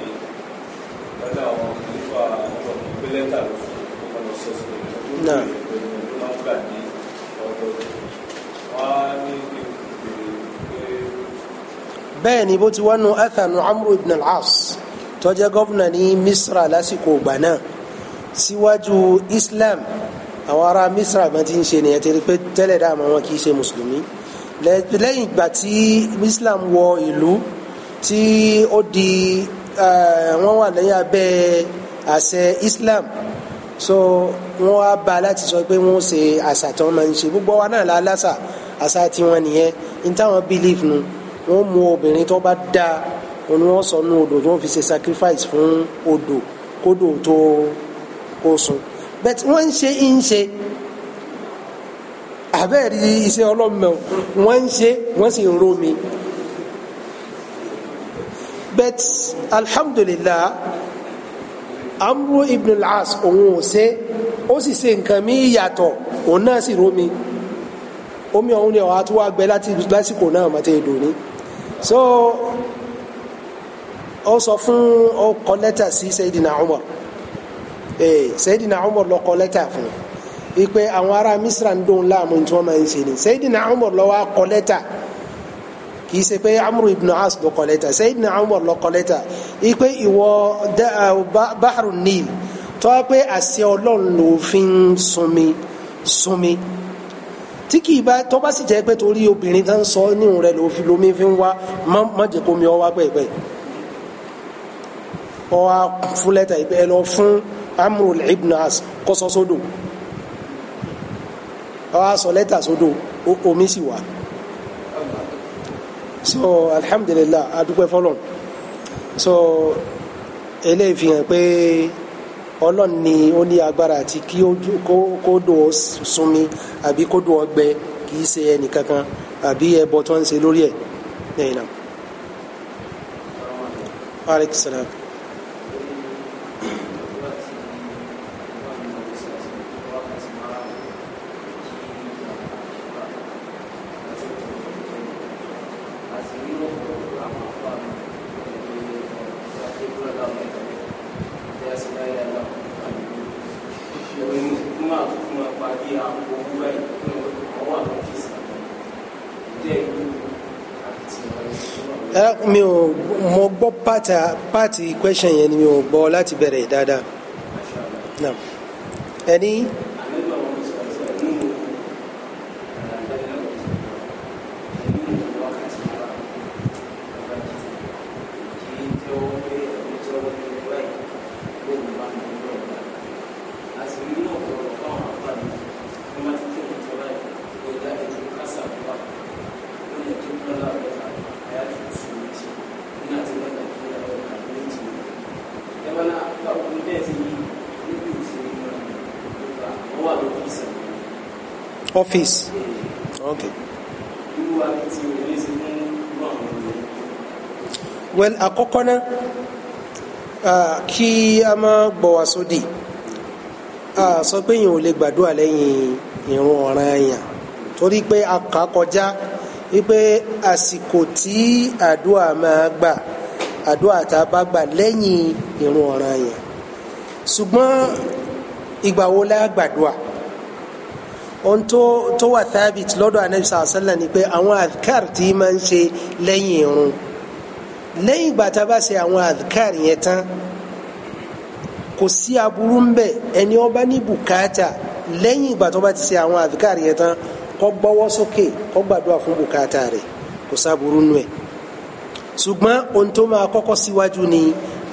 lọ́dọ̀ àwọn kìlífà àjọ pélẹ́tà ló fún ọmọ lọ sọ́sì náà ló máa ń gbà ní ọ̀dọ̀ wọn á ní kí n bèrè pé. bẹ́ẹ̀ ni bó ti wá nu athanu ibn al-as tó jẹ́ ní misra lásìkò ìgbà síwájú islam àwọn ará misra bá ti ń ṣe nìyẹn tẹ́lẹ̀ pé tẹ́lẹ̀ dáàmú wọn kì í ṣe mùsùlùmí lẹ́yìn ìgbà tí islam wọ ìlú tí ó di wọ́n wà lẹ́yìn abẹ́ àṣẹ Islam so wọ́n wá bá a láti sọ pé wọ́n ṣe àṣà tí wọ́n máa ń ṣe gbogbo wa náà la láṣà àṣà tiwọn nìyẹn ní táwọn believe nu wọ́n mú obìnrin tó bá da. òun wọ́n sọ nu odò tó ń fi ṣe sacrifice fún odò kódò tó kó sun bẹ́ẹ̀ wọ́n ń ṣe ń ṣe àbẹ́ẹ̀rí iṣẹ́ ọlọ́mọ wọ́n ń ṣe wọ́n sì ń romi but alhamdulillah amru ibn al-as òun ò ṣe ó sì ṣe nǹkan mi yàtọ̀ òun náà sì romi omi ọ̀hún ni ọ̀há tó wá gbẹ láti lásìkò náà màtí èdò ní so ó sọ fún ó kọ lẹ́tà sí Sayyidina Umar ee eh, Sayyidina Umar ló kọ lẹ́tà fún un ipe àwọn ará Misra ń dóun láàmú tí wọ́n máa ń ṣe ni Sayyidina Umar ló wá lẹ́tà kìí ṣe pé amru ibn as ló kọ lẹ́tà sayyidina umar ló kọ lẹ́tà ipe ìwọ bahru nil tọ́ pé àṣẹ ọlọ́run ló fi ń sunmi sunmi tí kìí bá tọ́ bá sì jẹ́ pé torí obìnrin tó ń sọ níhùn rẹ̀ ló fi lomi fi ń wá má jẹ́ wá pẹ̀pẹ̀ ọ wá fún lẹ́tà ẹ lọ fún amru ibn as kọ́sọ́ sódò wá sọ lẹ́tà sódò omi sì wà so alhamdulillah adúpẹ́ fọlọ́n so eléyìí fi hàn pé ọlọ́run ni ó ní agbára àti kí kó dùn ó sunmi àbí kó dùn ó gbẹ kì í ṣe ẹnìkankan àbí ẹbọ tó ń ṣe lórí ẹ̀ lẹ́yìn náà. pàtà pàtì question yẹn ni mi ò gbọ́ láti bẹ̀rẹ̀ dáadáa ẹni. No. fees. Okay. well àkọ́kọ́ náà kí a máa gbọ́wà sódì sọ pé yìí ò lè gbàdúrà lẹ́yìn ìrun ọ̀ràn èèyàn torí pé a kà kọjá wípé àsìkò tí àdúrà máa gbà àdúrà tá a bá gbà lẹ́yìn ìrun ọ̀ràn èèyàn ṣùgbọ́n ìgbà wo la gbàdúrà ohun tó wà thabit lọ́dọ̀ anabi sàlẹ̀ ni pé àwọn adhkar tí máa ń ṣe lẹ́yìn irun lẹ́yìn ìgbà tá a bá ṣe àwọn adhkar yẹn tán kò sí aburú ń bẹ ẹni ó bá ní bùkátà lẹ́yìn ìgbà tó bá ti ṣe àwọn adhkar yẹn tán kó gbọ́wọ́ sókè kó gbàdúrà fún bùkátà rẹ̀ kò sáburú nù ẹ̀ ṣùgbọ́n ohun tó máa kọ́kọ́ síwájú ni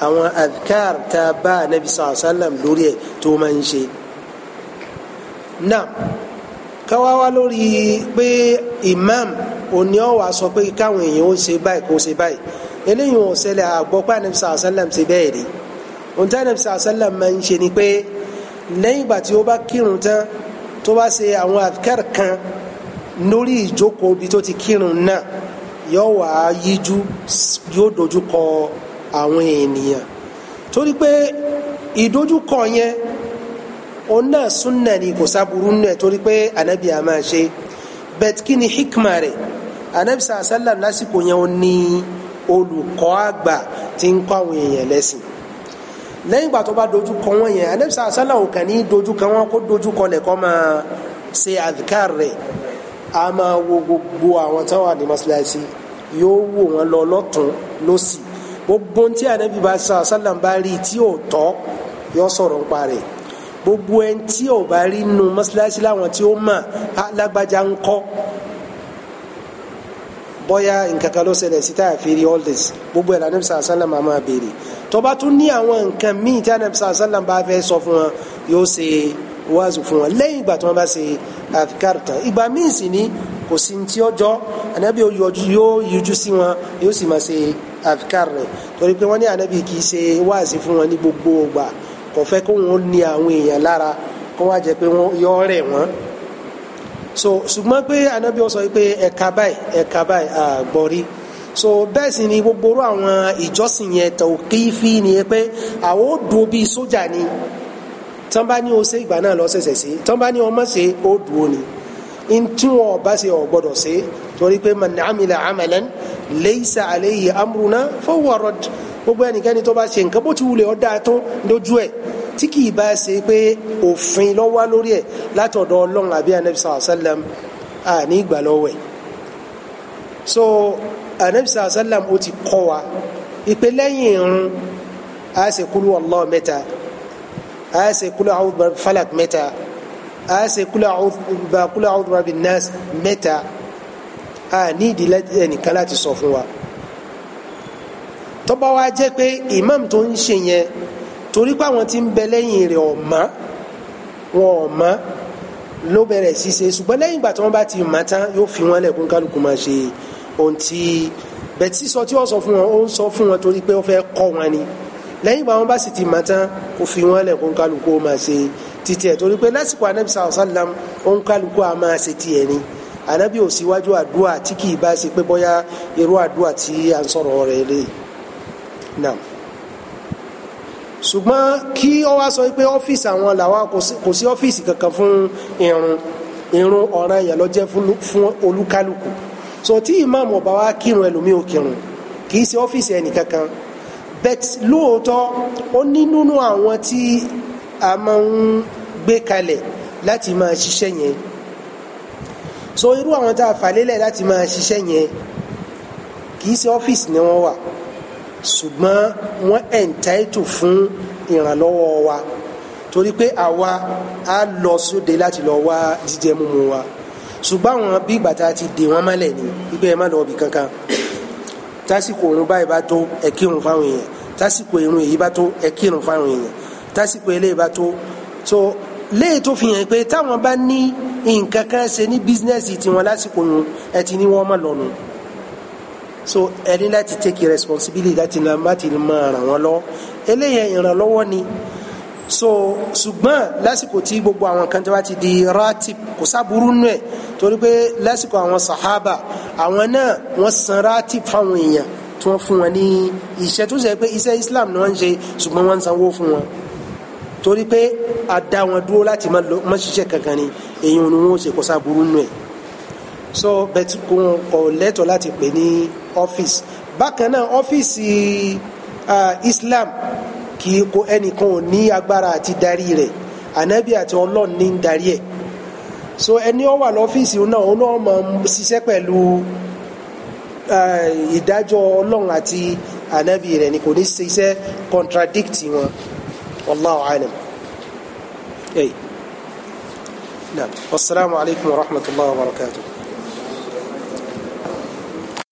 àwọn adhkar tá a bá anabi sàlẹ̀ lórí ẹ̀ tó máa ń ṣe náà káwá wá lórí pé imam òní ọ̀ wá sọ pé káwọn èèyàn ó ṣe báyìí kó ṣe báyìí eléyìí wọn ṣẹlẹ̀ àgbọ̀ pé anabi sàlá sàlám ṣe bẹ́ẹ̀ rí ohun tí anabi sàlá sàlám máa ń ṣe ni pé lẹ́yìn ìgbà tí ó bá kírun tán tó bá ṣe àwọn àkàr kan lórí ìjókòó ibi tó ti kírun náà yóò wá yíjú yóò dojú kọ àwọn ènìyàn torí pé ìdojúkọ yẹn òun náà súnà ni kò sábúrú nù ẹ torí pé anabi a máa ṣe bẹ́ẹ̀ kí ni hikma rẹ̀ anabi sàásàlà lásìkò yẹn ó ní olùkọ́ àgbà tí ń kọ́ àwọn èèyàn lẹ́sìn lẹ́yìn ìgbà tó bá dojú kọ wọ́n yẹn anabi sàásàlà ò kàn ní dojú kọ wọ́n kó dojú kọ lẹkọ máa ṣe adhkar rẹ̀ a máa wo gbogbo àwọn táwọn àdìmọ́síláṣí yóò wò wọ́n lọ lọ́tún lọ́sì gbogbo tí anabi sàásàlà bá rí tí ò tọ́ yóò sọ̀rọ̀ ń parẹ́ gbogbo ẹni tí ò bá rí nu mọ́ṣáláṣí láwọn tí ó mà á lágbájá ń kọ́ bóyá nǹkan kan ló ṣẹlẹ̀ sí táyà fi rí all this gbogbo ẹ̀ lànà bisala sallam a máa béèrè tó bá tún ní àwọn nǹkan míì tí ànà bisala sallam bá fẹ́ sọ fún wọn yóò ṣe wáàzù fún wọn lẹ́yìn ìgbà tí wọ́n bá ṣe àfikàr tán ìgbà míì sì ni kò sí ti ọjọ́ ànábì yóò yọjú sí wọn yóò sì máa ṣe àfikàr rẹ̀ torí pé wọ́n ní ànábì kì í ṣe wáàzì fún wọn ní gbogbo ìgbà kò fẹ́ kó wọn ní àwọn èèyàn lára kó wá jẹ́ pé wọ́n yọ rẹ̀ wọ́n so ṣùgbọ́n pé anabi sọ pé ẹ̀ka báyìí ẹ̀ka báyìí àgbọ̀rí so bẹ́ẹ̀ sì ni gbogbo orú àwọn ìjọsìn yẹn tawqifi ni pé àwọn ò dúró bíi sójà ni tán bá ní o ṣe ìgbà náà lọ ṣẹ̀ṣẹ̀ ṣe tán bá ní ọmọ ṣe ó dúró ni ntí wọn ọba ṣe ó gbọ́dọ̀ ṣe torí pé man amila amalan laysa alayhi amruna fawarad gbogbo ẹnikẹ́ni tó bá ṣe nǹkan bó ti wulẹ̀ ọ́ dáa tó lójú ẹ̀ tí kì í bá ṣe pé òfin ló wà lórí ẹ̀ látọ̀dọ̀ ọlọ́run àbí anabi sàlá sàlám àní ìgbà lọ́wọ́ ẹ̀ so anabi sàlá sàlám ó ti kọ́ wa ìpè lẹ́yìn irun a ṣe kúlú Allah mẹ́ta a ṣe kúlú àwọn falak mẹ́ta a ṣe kúlú àwọn kúlú àwọn bin nas mẹ́ta a ní ìdílé ẹnìkan láti sọ fún wa tó bá wá jẹ́ pé imam tó ń ṣe yẹn torí pé àwọn tí ń bẹ lẹ́yìn rẹ̀ ọ̀mọ́ wọn ọ̀mọ́ ló bẹ̀rẹ̀ ṣíṣe ṣùgbọ́n lẹ́yìn ìgbà tí wọ́n bá ti mọ̀ tán yóò fi wọ́n lẹ̀kún kálukú máa ṣe ohun tí bẹ̀tí sísọ tí wọ́n sọ fún wọn ó ń sọ fún wọn torí pé ó fẹ́ kọ́ wọn ni lẹ́yìn ìgbà wọn bá sì ti mọ̀ tán ó fi wọ́n lẹ̀kún kálukú máa ṣe títí torí pé lásìkò anabi sàlám òun kálukú a máa ṣe tiẹ̀ ni anabi ò síwájú àdúrà tí kì í bá ṣe pé bóyá irú àdúrà tí à ń sọ̀rọ̀ rẹ̀ léyìí náà ṣùgbọ́n kí ọ wá sọ pé ọ́fíìsì àwọn làwa kò sí ọ́fíìsì kankan fún irun irun ọ̀ràn yẹn ló jẹ́ fún olúkálùkù so tí ìmáàmù ọba wa kírun ẹlòmíì ò kírun kì í ṣe ọ́fíìsì ẹnìkankan bet lóòótọ́ ó ní nínú àwọn tí a máa ń gbé kalẹ̀ láti máa ṣiṣẹ́ yẹn so irú àwọn tá a fà lélẹ̀ láti máa ṣiṣẹ́ yẹn kì í ṣe ọ́fíìsì ni wọ́n wà ṣùgbọ́n wọ́n ẹ̀ǹtáìtù fún ìrànlọ́wọ́ wa torí pé àwa á lọ sóde láti lọ wá jíjẹ múmu wa ṣùgbọ́n àwọn bí bàtà ti dè wọ́n mọ́lẹ̀ ni wípé ẹ má lọ bì kankan tásìkò òun báyìí bá tó ẹ kírun fáwọn èèyàn tásìkò irun èyí bá tó ẹ kírun fáwọn èèyàn tásìkò eléyìí bá tó tó léyìí tó fi hàn pé táwọn bá ní nǹkan kan ṣe ní bísínẹ́sì tiwọn lásìkò yun ẹ ti ní wọ́n mọ̀ lọ́nu so ẹni láti take responsibility láti náà láti máa ràn wọ́n lọ́wọ́ eléyẹn ìrànlọ́wọ́ ni so ṣùgbọ́n lásìkò tí gbogbo àwọn kan tí wọ́n ti di ratib kò sábúrú nù ẹ̀ torí pé lásìkò àwọn sahaba àwọn náà wọ́n san ratib fáwọn èèyàn tí wọ́n fún wọn ní iṣẹ́ tó ṣe pé iṣẹ́ Islam ni wọ́n ń ṣe ṣùgbọ́n wọ́n ń sanwó fún wọn torí pé a dá wọn dúró láti má ṣiṣẹ́ kankan ni èyí ni wọ́n ṣe kò sábúrú nù ẹ̀ so bẹ́ẹ̀ kò lẹ́tọ̀ láti pè ní ọ́fíìsì bákan náà ọ́fíìsì uh, Islam kì í kó ẹnìkan ò ní agbára àti darí rẹ̀ ànábì àti ọlọ́run ní ń darí ẹ̀ so ẹni ọ wà lọ́fíìsì náà ó náà máa ṣiṣẹ́ pẹ̀lú uh, ìdájọ́ ọlọ́run àti ànábì rẹ̀ ni kò ní ṣiṣẹ́ contradict wọn wallahu alam. Hey. نعم والسلام عليكم ورحمة الله وبركاته